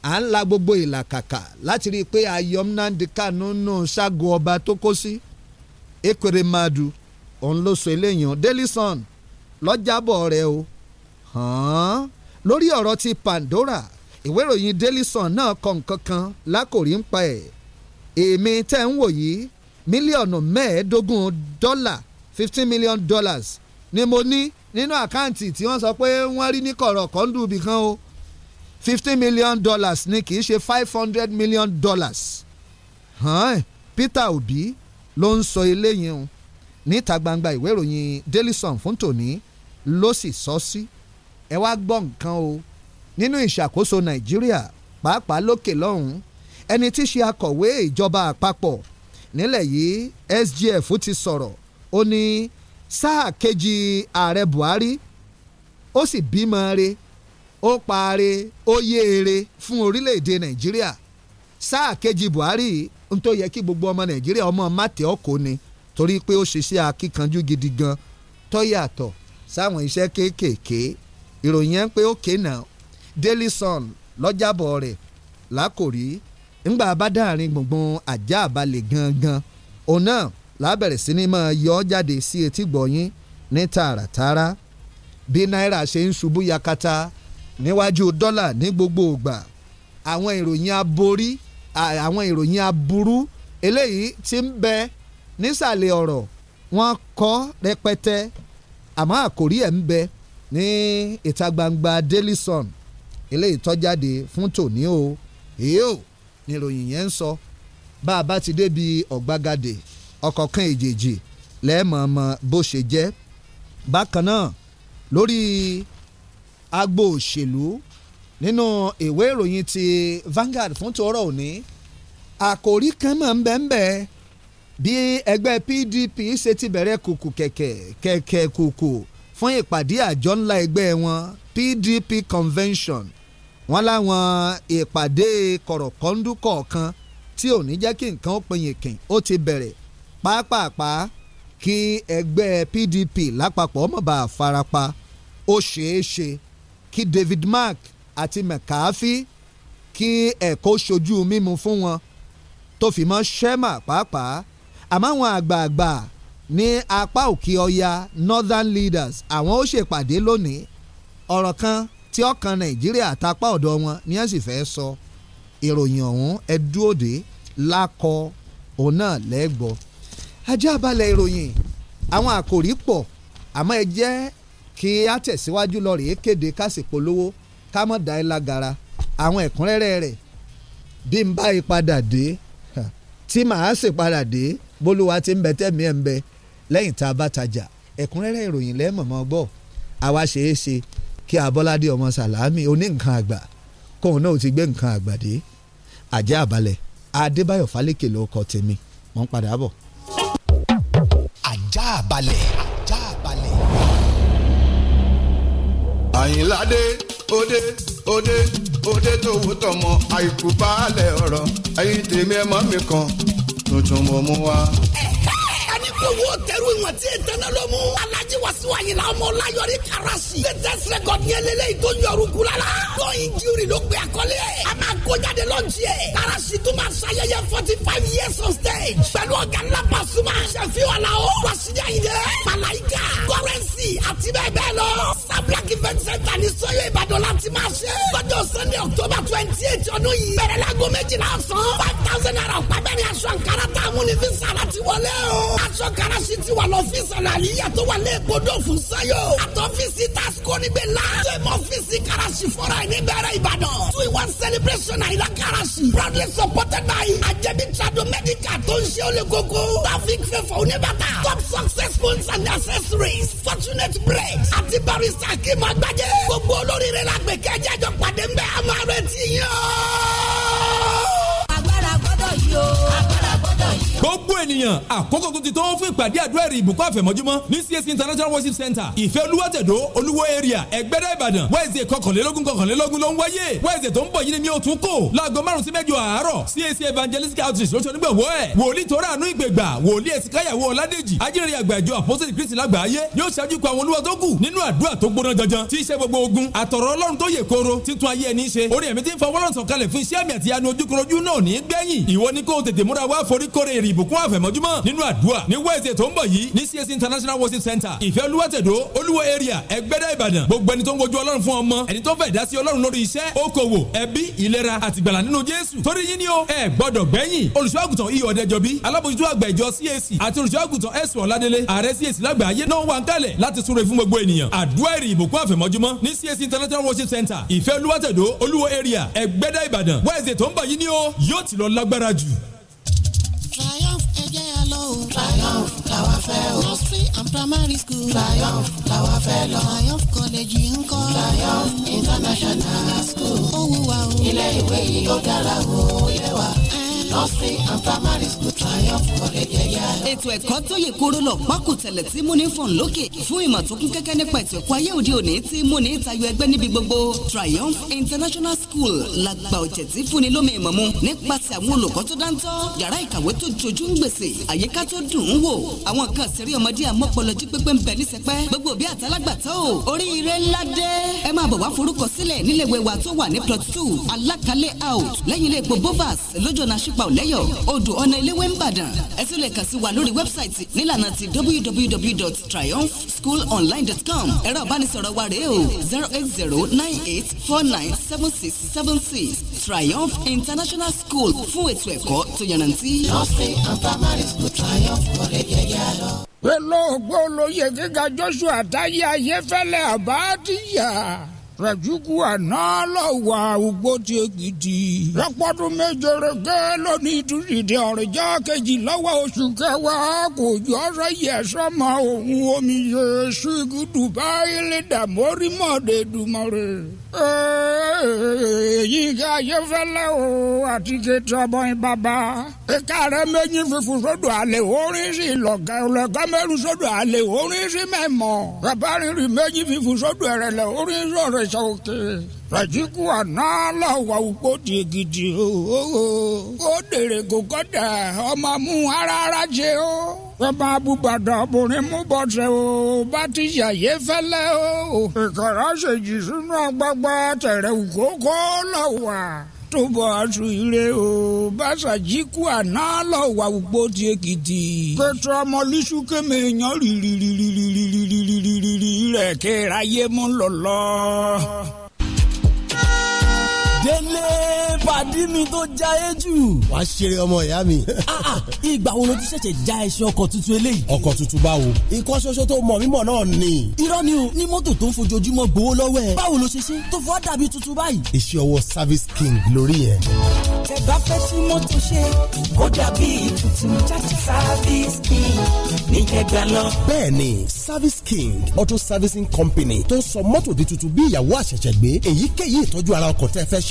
à ń la gbogbo ìlàkàkà láti rí i pé ayọ̀mnandika nínú ṣáàgó ọba tó kó sí. Si ekwere madu òun ló sọ eléyìí hàn Daily Sun lọ́jàbọ̀ rẹ̀ o hàn lórí ọ̀rọ̀ ti Pandora ìwé ìròyìn Daily Sun náà kọ nǹkan kan lákòrí ń pa ẹ̀ èmi tẹ́ ń wò yìí mílíọ̀nù mẹ́ẹ̀ẹ́dógún dọ́là fifteen million dollars ni mo ní nínú àkáǹtì tí wọ́n sọ pé wọ́n rí ní kọ̀rọ̀ kọ́ńdù o fifteen million dollars ni kì í ṣe five hundred million dollars hàn Peter Obi ló ń sọ eléyìí hàn níta gbangba ìwé ìròyìn Daily Sun fún tòní ló sì sọ sí ẹ wá gbọ́ nǹkan o nínú ìṣàkóso Nàìjíríà pàápàá lókè lọ́hùn-ún ẹni tí í ṣe akọ̀wé ìjọba àpapọ̀ nílẹ̀ yìí SGF ti sọ̀rọ̀ ó ní sáà kejì ààrẹ Buhari ó sì bímọ re ó paare ó yéere fún orílẹ̀-èdè Nàìjíríà sáà kejì Buhari n tó yẹ kí gbogbo ọmọ nàìjíríà ọmọ mate ọkọ ni torí pé ó ṣiṣẹ́ akíkanjú gidi gan tó yàtọ̀ sáwọn iṣẹ́ kéékèèké ìròyìn yẹn pé ó kéènà Daily Sun lọ́jàbọ̀ rẹ̀ lákòrí ńgbà bá gbùngbùn ajá àbálẹ̀ gangan òun náà lábẹ̀rẹ̀ yọ jáde sí etí ní yakata níwájú dọ́là ní gbogbo ògbà àwọn ìròyìn aborí àwọn ìròyìn aburú eléyìí tí ń bẹ nísàlẹ̀ ọ̀rọ̀ wọ́n kọ rẹpẹtẹ àmọ́ àkòrí ẹ̀ ń bẹ ní ìta gbangba Daily Sun eléyìí tó jáde fún tòní o èyí ò ní ìròyìn yẹn ń sọ bá a bá ti débi ọ̀gbagadè ọ̀kọ̀ọ̀kan èjèèjì lẹ́ẹ̀mọ̀ọ́mọ̀ bó ṣe jẹ́ bákan náà lórí agbo òṣèlú nínú ìwé ìròyìn ti Vanguard fún tòórọ́ òní àkòrí kan máa ń bẹ́ẹ̀ bẹ́ẹ̀ bí ẹgbẹ́ PDP ṣe ti bẹ̀rẹ̀ kùkù kẹ̀kẹ́ kẹ̀kẹ́ kùkù fún ìpàdé àjọ ńlá ẹgbẹ́ wọn PDP convention wọn láwọn ìpàdé kọ̀rọ̀kọ́ńdú kọ̀ọ̀kan tí ò ní jẹ́ kí nǹkan ó pinyìn kìn ó ti bẹ̀rẹ̀ pápápá kí ẹgbẹ́ PDP lápapọ̀ má bàa farapa ó ṣeé ṣe kí David Mark àti mẹ̀káfí kí ẹ̀kọ́ ṣojú mímu fún wọn tó fi mọ́ ṣẹ́mà pàápàá àmọ́ àwọn àgbààgbà ní apá òkè ọya northern leaders àwọn ó ṣèpàdé lónìí ọ̀rọ̀ kan tí ọkàn nàìjíríà àtàpá ọ̀dọ̀ wọn ni wọ́n sì fẹ́ sọ ìròyìn ọ̀hún ẹ̀dúòdè lákọ òun náà lẹ́gbọ́ ajá balẹ̀ ìròyìn àwọn àkòrí pọ̀ àmọ́ ẹ jẹ́ kí a tẹ̀síwájú lọ rèé kéde kásìpolówó 0244 ká mọ̀ dá ẹ lágara àwọn ẹ̀kúnrẹ́rẹ́ rẹ̀ bí n bá yí padà dé tí màá sì padà dé bólúwa ti ń bẹ tẹ̀mí ẹ̀ ń bẹ lẹ́yìn tá a bá tajà ẹ̀kúnrẹ́rẹ́ ìròyìn lẹ́mọ̀mọ́ gbọ́ àwa ṣeé ṣe kí abọ́ládé ọmọ sàlámì oní nǹkan àgbà kóun náà ti gbé nǹkan àgbà dé àjẹ́ àbálẹ̀ adébáyọ̀ fálékè ló kọ tèmi mò padà bọ̀. àjà àbálẹ̀ àjà àbálẹ̀ àyìnládé òde òde òde tó wò tọmọ àìkú baálẹ̀ ọ̀rọ̀ ẹ̀yin tèmi ẹ̀ mọ́ mi kan tuntun mo mú wá owó tẹ̀rù ìwọ̀n tí ìtẹ́nà ló mú. alájí wàsíù àyìnlá ọmọ ọláyọrí karasi. latest record ní eléyìí tó yọrù kula lọ́yìn jírí ló pe àkọlé ẹ̀. a máa kójáde lọ́ọ̀jì ẹ̀. karasi tó máa ṣayẹyẹ forty five years on stage. pẹ̀lú ọ̀gá ńlá Pasuma. sẹ̀fí wà la o. yìí dẹ́. malayika kọrẹ́nsì àti bẹ́ẹ̀ bẹ́ẹ̀ lọ. sablaki fẹ́nsẹ̀ntà garasi ti wà lọ́fíìsì àlàyé tó wà lẹ́ẹ̀kọ́dọ̀ fún sayo. àtọ́fíìsì tasco níbẹ̀ la. sẹ́mu ọ́fíìsì garasi fọ́ra ẹ̀ ní bẹ̀rẹ̀ ìbàdàn. two in one celebration àyílá garasi. proudly supported by ajẹ́bí trado medical tó ń ṣe olè koko. traffic fẹ́fọ̀ oníbàtà. top success phones and accessories. fortunate bread. àti barista kìmọ̀ gbajẹ́. gbogbo olóríire la gbẹ̀kẹ́ jẹ́jọ́ pàdé ń bẹ́ àmọ́ rẹ̀ ti yàn. fún ènìyàn àkókò tó ti tó fún ìpàdé àdúrà èrè ìbùkún àfẹ̀mọ́júmọ́ ní CAC international worship center ìfẹ́ olúwàtẹ̀dó olúwo area ẹgbẹ́dá ìbàdàn wẹ́ẹ̀sì kọkànlélógún kọkànlélógún ló ń wáyé wẹ́ẹ̀sì tó ń bọ̀ yìí ni mi ò tún kò láago márùn sí mẹ́jọ àárọ̀ CAC evangelical outreach lóṣù onígbàwọ́ ẹ̀ wòlíì tó ráàánú ìgbègbà wòlíì èsìkáyàwó ọ̀ládèjì ajínrìn àgbà ìjọ àpọ́sẹ̀lì kristi lágbàáyé yóò ṣáájú kọ àwọn olúwa tó kù nínú àdúrà tó gbóná janjan tí iṣẹ́ gbogbo ogun àtọ̀rọ̀ ọlọ́run tó yè kooro títún ayé ẹni ṣe orí ẹ̀mí tí ń fọwọ́lọ́sọ̀kalẹ̀ fún iṣẹ́ àmì àti anu ojúkorojú náà ní gbẹ̀yìn ìwọ ni kó tètè múra wá foríkórè ìrìbùkún àf àfẹ̀mọ́júmọ́ nínú àdúrà ní wednesday tó ń bọ̀ yìí ní CAC international worship center ìfẹ́ olúwàtẹ̀dọ́ olúwo area ẹgbẹ́dá ìbàdàn gbogbo ẹni tó ń wojú ọlọ́run fún ọmọ ẹni tó fẹ́ dá sí ọlọ́run lórí iṣẹ́ okòwò ẹbí ìlera àtìgbàlà nínú jésù torí yín ni ó ẹ gbọ́dọ̀ gbẹ́yìn olùṣọ́àgùtàn iyọ̀ ọ̀dẹ́jọbí alábòjútó àgbà ìjọ CAC àti olùṣọ́àgùtàn ẹ̀sùn ọ̀ládélé ààrẹ CAC lágbàáyé náà wà ń kalẹ̀ láti súre fún gbogbo ènìyàn àdúrà èrè àfẹ̀mọ́júmọ́ ní CAC international worship center ìfẹ́ olúwàtẹ̀dọ́ olúwo area ẹgbẹ́dá ìbàdàn wednesday tó ń bọ̀ yìí ni ó yóò ti lọ lágbára jù. Triumph làwa fẹ́ o. nursery and primary school. Triumph làwa fẹ́ lọ. Triumph college ń kọ́. Triumph international school. ó wù wá o. ilé ìwé yìí ó dára o ó yẹ wa triumph ètò ẹ̀kọ́ tó yè kóró lọ pákó tẹ̀lẹ̀ tí múni fọ̀n lókè fún ìmọ̀ tó kún kẹ́kẹ́ nípa ètò ẹ̀kọ́ ayé òde òní tí múni tayọ ẹgbẹ́ níbi gbogbo triumph international school la gba ọ̀jẹ̀ tí fúnni lómi ìmọ̀ mu nípasẹ̀ àwọn olùkọ́ tó dáńtọ́ yàrá ìkàwé tó jojú ń gbèsè àyíká tó dùn ún wò àwọn kan ṣeré ọmọdé àmọ́pọ̀lọ́jú pépé ń bẹ ní sẹpẹ́ gbogbo bí àtàlágbàtọ́ ò oríire ọ̀pá ọ̀lẹ́yọ̀ odò ọ̀nà eléwé ń bàdàn ẹ tún lè kàn sí wa lórí wẹ́bsáìtì nílànà ti www.triumphschoolonline.com ẹ̀rọ ìbánisọ̀rọ̀ wa rèé o zero eight zero nine eight four nine seven six seven six Triumph International School fún ètò ẹ̀kọ́ tó yanrantí. lọ́sìn antamari school Triumph college ẹ̀yà lọ gíga Joshua táyé ayéfẹ́lẹ́ àbáàdìyà rẹ̀júkú àná lọ́wọ́ àwùgbó tí ó gidi. lọ́pọ̀dún méje rẹ̀gẹ́ lónìí ìtúsídẹ̀ ọ̀rẹ́jà kejì lọ́wọ́ oṣù kẹwàá kò jọ ọ́sẹ̀ yẹ sọ́mọ òun omi yẹ ṣígùdù báyìí lè dàmórí mọ́ọ̀dẹ́dùmọ́rẹ́ yíga ayéfẹ́lẹ́ o àti kẹtù ọmọye bàbá. ìka rẹ méjì fífún sódò àlè orin sí lọ́gà lọ́gà mẹ́rin sódò àlè orin sí mẹ́mọ́. bàbá rírì méjì fífún sódò ẹ̀rẹ̀lẹ̀ orin sọ̀rọ̀ ìṣòkè. Ràjíkù àná làwà ògbódì gidi ooo. Ó dèrè gògọ́dà ọmọ mú ara ara jẹ o. Bàbá abúgbàdà obìnrin mú bọ̀sẹ̀ o. Bá ti yàyé fẹ́lẹ́ o. Ìkàrà ṣèjì sínú agbágbá tẹ̀rẹ̀ ògógó làwà tó bọ̀ aṣọ ire o bàṣàjíkù àná lọ wà gbogbo ti èkìtì. kẹtù ọmọ lísù kéme yan rìrìrìrìrìrìrìrìrì rẹ̀ kẹ́ra yé mú lọ́lọ́ délé pàdí mi tó já e jù. wà á ṣeré ọmọ ìyá mi. Ah, ah, ìgbà wo ló ti ṣẹ̀ṣẹ̀ já ẹṣin ọkọ̀ tuntun eléyìí. ọkọ̀ tuntun báwo. ikọ́ ṣoṣo tó mọ̀ mímọ̀ náà ni. irọ́ ni o ní mọ́tò tó ń fojoojúmọ́ gbowó lọ́wọ́ ẹ̀. báwo ló ṣe ṣe tó fọ́ dàbí tuntun báyìí. iṣẹ́ ọwọ́ service king lórí yẹn. tẹ bá fẹ́ tí mọ́tò ṣe kó dàbí tuntun jáde service king ní kẹgbẹ́ lọ. service king auto servicing company tó ń sọ mọ́tò di tuntun bí ìyàwó àṣẹ̀ṣẹ̀ gbé èyíkéyìí ìtọ́jú ara ọkọ̀ tẹ́ fẹ́ ṣ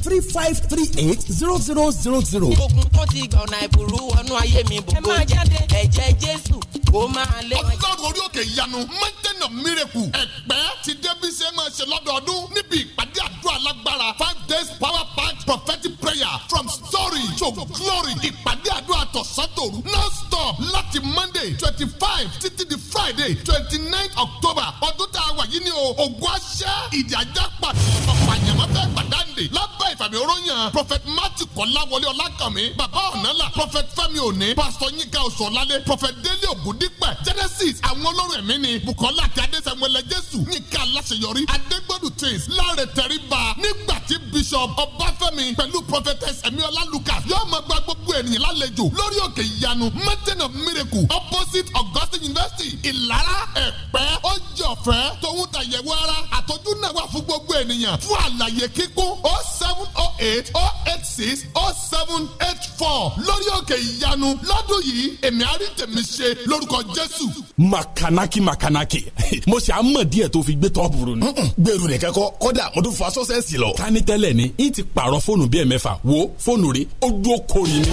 three five three eight zero zero zero zero. ogun tó ti gbà ọ̀nà ìbùrú wọnú ayé mi bò bó jáde ẹ̀jẹ̀ Jésù ọlọ́run orí òkè ìyanu mountain of ẹ̀pẹ́ ti débi ṣe máa ṣe lọ́dọọdún níbi ìpàdé àdúrà lágbára five days power packed prophetic prayer from story to glory ìpàdé àdúrà tọ̀sán-tòru non stop láti monday twenty five títí di friday twenty nine october ọdún tá a wà yìí ni o ògùn àṣẹ ìdíjà pàṣẹ ọ̀pọ̀ àyàmọ́fẹ́ gbàdáǹdè lá bá ìfàmì oróyàn prophet matthew kọ́láwọlé ọlákànmí bàbá ọ̀nàlà prophet fẹ́mi òní pastor yinka ọ̀sọ̀lálé prophet délé ògúndípẹ̀ genesis àwọn olórin ẹ̀mí ni bukola àti adésẹ́wẹlẹ jésù yinka aláṣeyọrí adégbòdù tins láre tẹríba nígbà tí bishop ọbáfẹ́mi pẹ̀lú prophetess emiola lucas yóò máa gba gbogbo ènìyàn lálejò lórí òkè ìyanu mountain of miracle opposite Augustine university ìlara ẹ̀pẹ́ ó jẹ́ ọ̀fẹ́ tòun tàyẹ̀wò ara àtọ́jú náà wà fún gbogbo ènìyàn fún àlàyé kíkún ó sì seven oh eight oh eight six oh seven eight four lórí òkè ìyanu lọ́dún yìí èmi àrí tèmi ṣe lórúkọ jésù. makanaki makanaki *laughs* mo ṣe àmọ̀ díẹ̀ tó fi gbé tọ́pù rò ní. gbèrú nìkan kọ kọ́dà mo tún fa sọ́sẹ́sì lọ. ká tẹ́lẹ̀ ni n ti pààrọ̀ fóònù bíi ẹ̀mẹ́fà wo fóònù rẹ̀ ó dúró kórìí ni.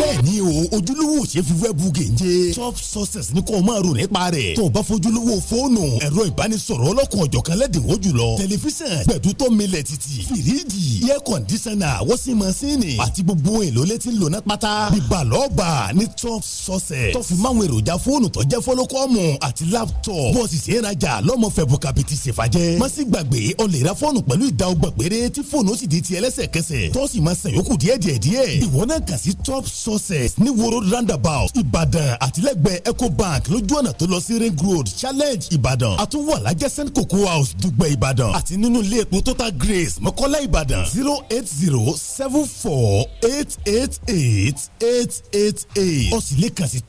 bẹ́ẹ̀ni o ojúlówó ṣe fi wẹ́ẹ̀bù gèje top success ní kò máa rò nípa rẹ̀ tó o bá fojúlówó fóònù ẹ̀rọ ìbánisọ̀rọ̀ ọlọ́kùn ọ̀jọ̀kan lẹ́dínwó jùlọ tẹlifíṣàn gbẹ̀dútọ́ milẹ̀ títì fìrídì fíríjì air conditioner wọ́sí mọ́sínì àti gbogbo ohun èlò létí lónà pátá bíbalọ́ọ̀bà ní top success tó fi máwọn èròjà fóònù tó jẹ́ fọ́lọ́kọ́mù àti laptop bọ́ọ̀sì sí ìrajà lọ́mọ fẹ́ bùkàbìtì ṣèfàjẹ́ má sì gbàgbé o lè ra fóònù pẹ̀lú ìdá ọgbọ̀n péré tí fóònù ó sì di ti ẹlẹ́sẹ̀kẹsẹ̀ tó sì máa san yòókù díẹ̀díẹ̀ díẹ̀ ìwọ náà top success ní woro roundabout ìbàdàn àtìlẹ́gbẹ̀ẹ́ ecobank lójú ọ̀nà tó lọ sí ring challenge ìbàdàn àtúwọ̀ alájẹsẹ́ cocoa house dùgbẹ̀ ìbàdàn àti nínú ilé grace mọ́kọ́lá ìbàdàn ìbàdàn zero eight zero seven four eight eight eight eight eight eight ó sì lè kàn sí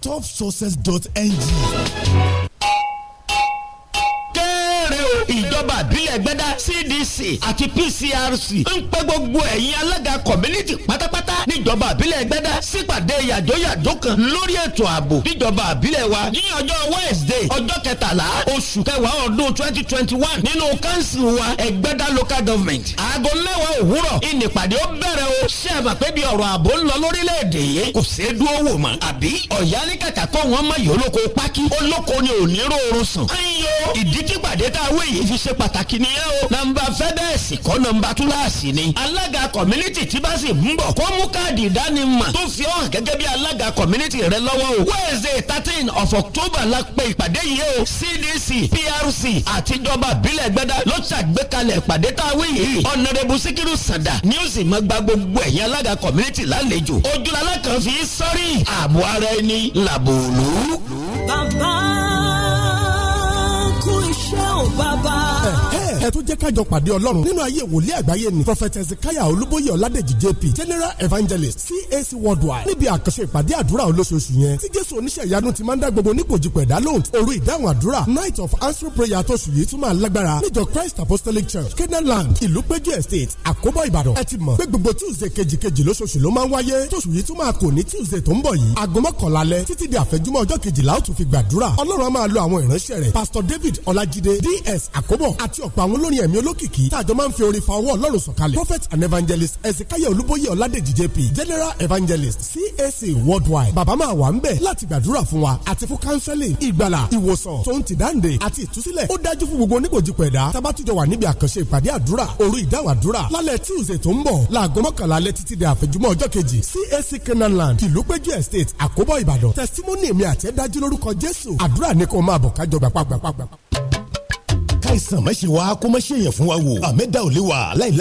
ng. ẹ̀gbẹ́dá cdc àti pcrc ń pè gbogbo ẹ̀yin alága community pátápátá níjọba àbílẹ̀ ẹ̀gbẹ́dá sípàdé yàjóyàjó kan lórí ètò ààbò níjọba àbílẹ̀ wa ní ọjọ́ wednesday ọjọ́ kẹtàlá oṣù kẹwàá ọdún twenty twenty one nínú council wa ẹ̀gbẹ́dá local government aago mẹ́wàá òwúrọ̀ ìnìpàdé ó bẹ̀rẹ̀ o ṣé ẹ mà pé bí ọ̀rọ̀ ààbò ń lọ lórílẹ̀‐èdè yìí kò ṣeé dúró wò mọ́ àbí ọ̀yá ní kàkà kọ́ wọn mọ̀ yìí olóko pákí olóko ni ò ní rọrùn sàn. ìdí tí pàdé tá a wé yìí fi ṣe pàtàkì nìyẹn o nọ́mbà fẹ́dẹ̀sì kọ́ nọ́mbà túláàsì ni alága community tí bá sì ń bọ̀ kó mú káàdì ìdánimọ̀ tó fi hàn gẹ́gẹ́ bí alága community rẹ lọ́wọ́ o wednesday thirteen of october la pe ìpàdé yìí o cdc prc àti ìjọba ìbílẹ̀ gbẹ́dá ló ṣàgbékalẹ̀ ìpàdé tá a wí yìí ọ̀nàdẹ̀bù síkírù sàdà ni ó sì máa gba gbogbo ẹ̀yìn alága community lálejò ojúlala kan fi sọ́rí ààbò ara ẹni làbòlú ẹ tún jẹ́ kájọ pàdé ọlọ́run nínú ayé wòlíì àgbáyé ni prophet ezekiah olúbóyè ọládèjì jp general evangelist cac worldwide níbi àkànṣe ìpàdé àdúrà olóṣooṣù yẹn tí jésù oníṣẹ́ ìyanu ti máa ń dá gbogbo nípòjì lóhùn òru ìdáhùn àdúrà night of answer prayer tó sùn yìí tún máa lágbára níjọ christ apostolic church canaan land ìlú péjú estate àkóbọ̀ ìbàdàn ẹ ti mọ̀ pé gbogbo tuesday kejìkejì lóṣooṣù ló máa ń wáyé tó tuesday tó ń bọ̀ yìí di àfẹ́júmọ́ ọjọ́ kejìlá ó tún fi gbàdúrà ọlọ́run á pastor david ọlájídé ds àkóbọ̀ àti ọ̀pọ̀ àwọn olórin ẹ̀mí olókìkí tàjọ máa ń fi orin fa ọwọ́ ọlọ́run sọ̀kalẹ̀ prophet and evangelist ezekiel olúbóyè ọládèjì jp general evangelist cac worldwide bàbá máa wà ń bẹ̀ láti gbàdúrà fún wa àti fún counseling ìgbàlà ìwòsàn tó ń ti dáǹdè àti ìtúsílẹ̀ ó dájú fún gbogbo oníkòjìpọ̀ ẹ̀dá tábàtújọ wà níbi àkànṣe ìpàdé àdúrà òru ìdáwàdúrà lálẹ́ tuesday tó ń bọ̀ láago mọ́kànlá alẹ́ títí di àfẹ̀júmọ́ ọjọ́ kejì cac canaan estate àkóbọ̀ ìbàdàn testimony mi àti ẹ̀dájú lórúkọ jésù àdúrà ni kò àìsàn má ṣe wá kó má ṣe yẹn fún wa wò àmẹ́dá ò lè wà láìláì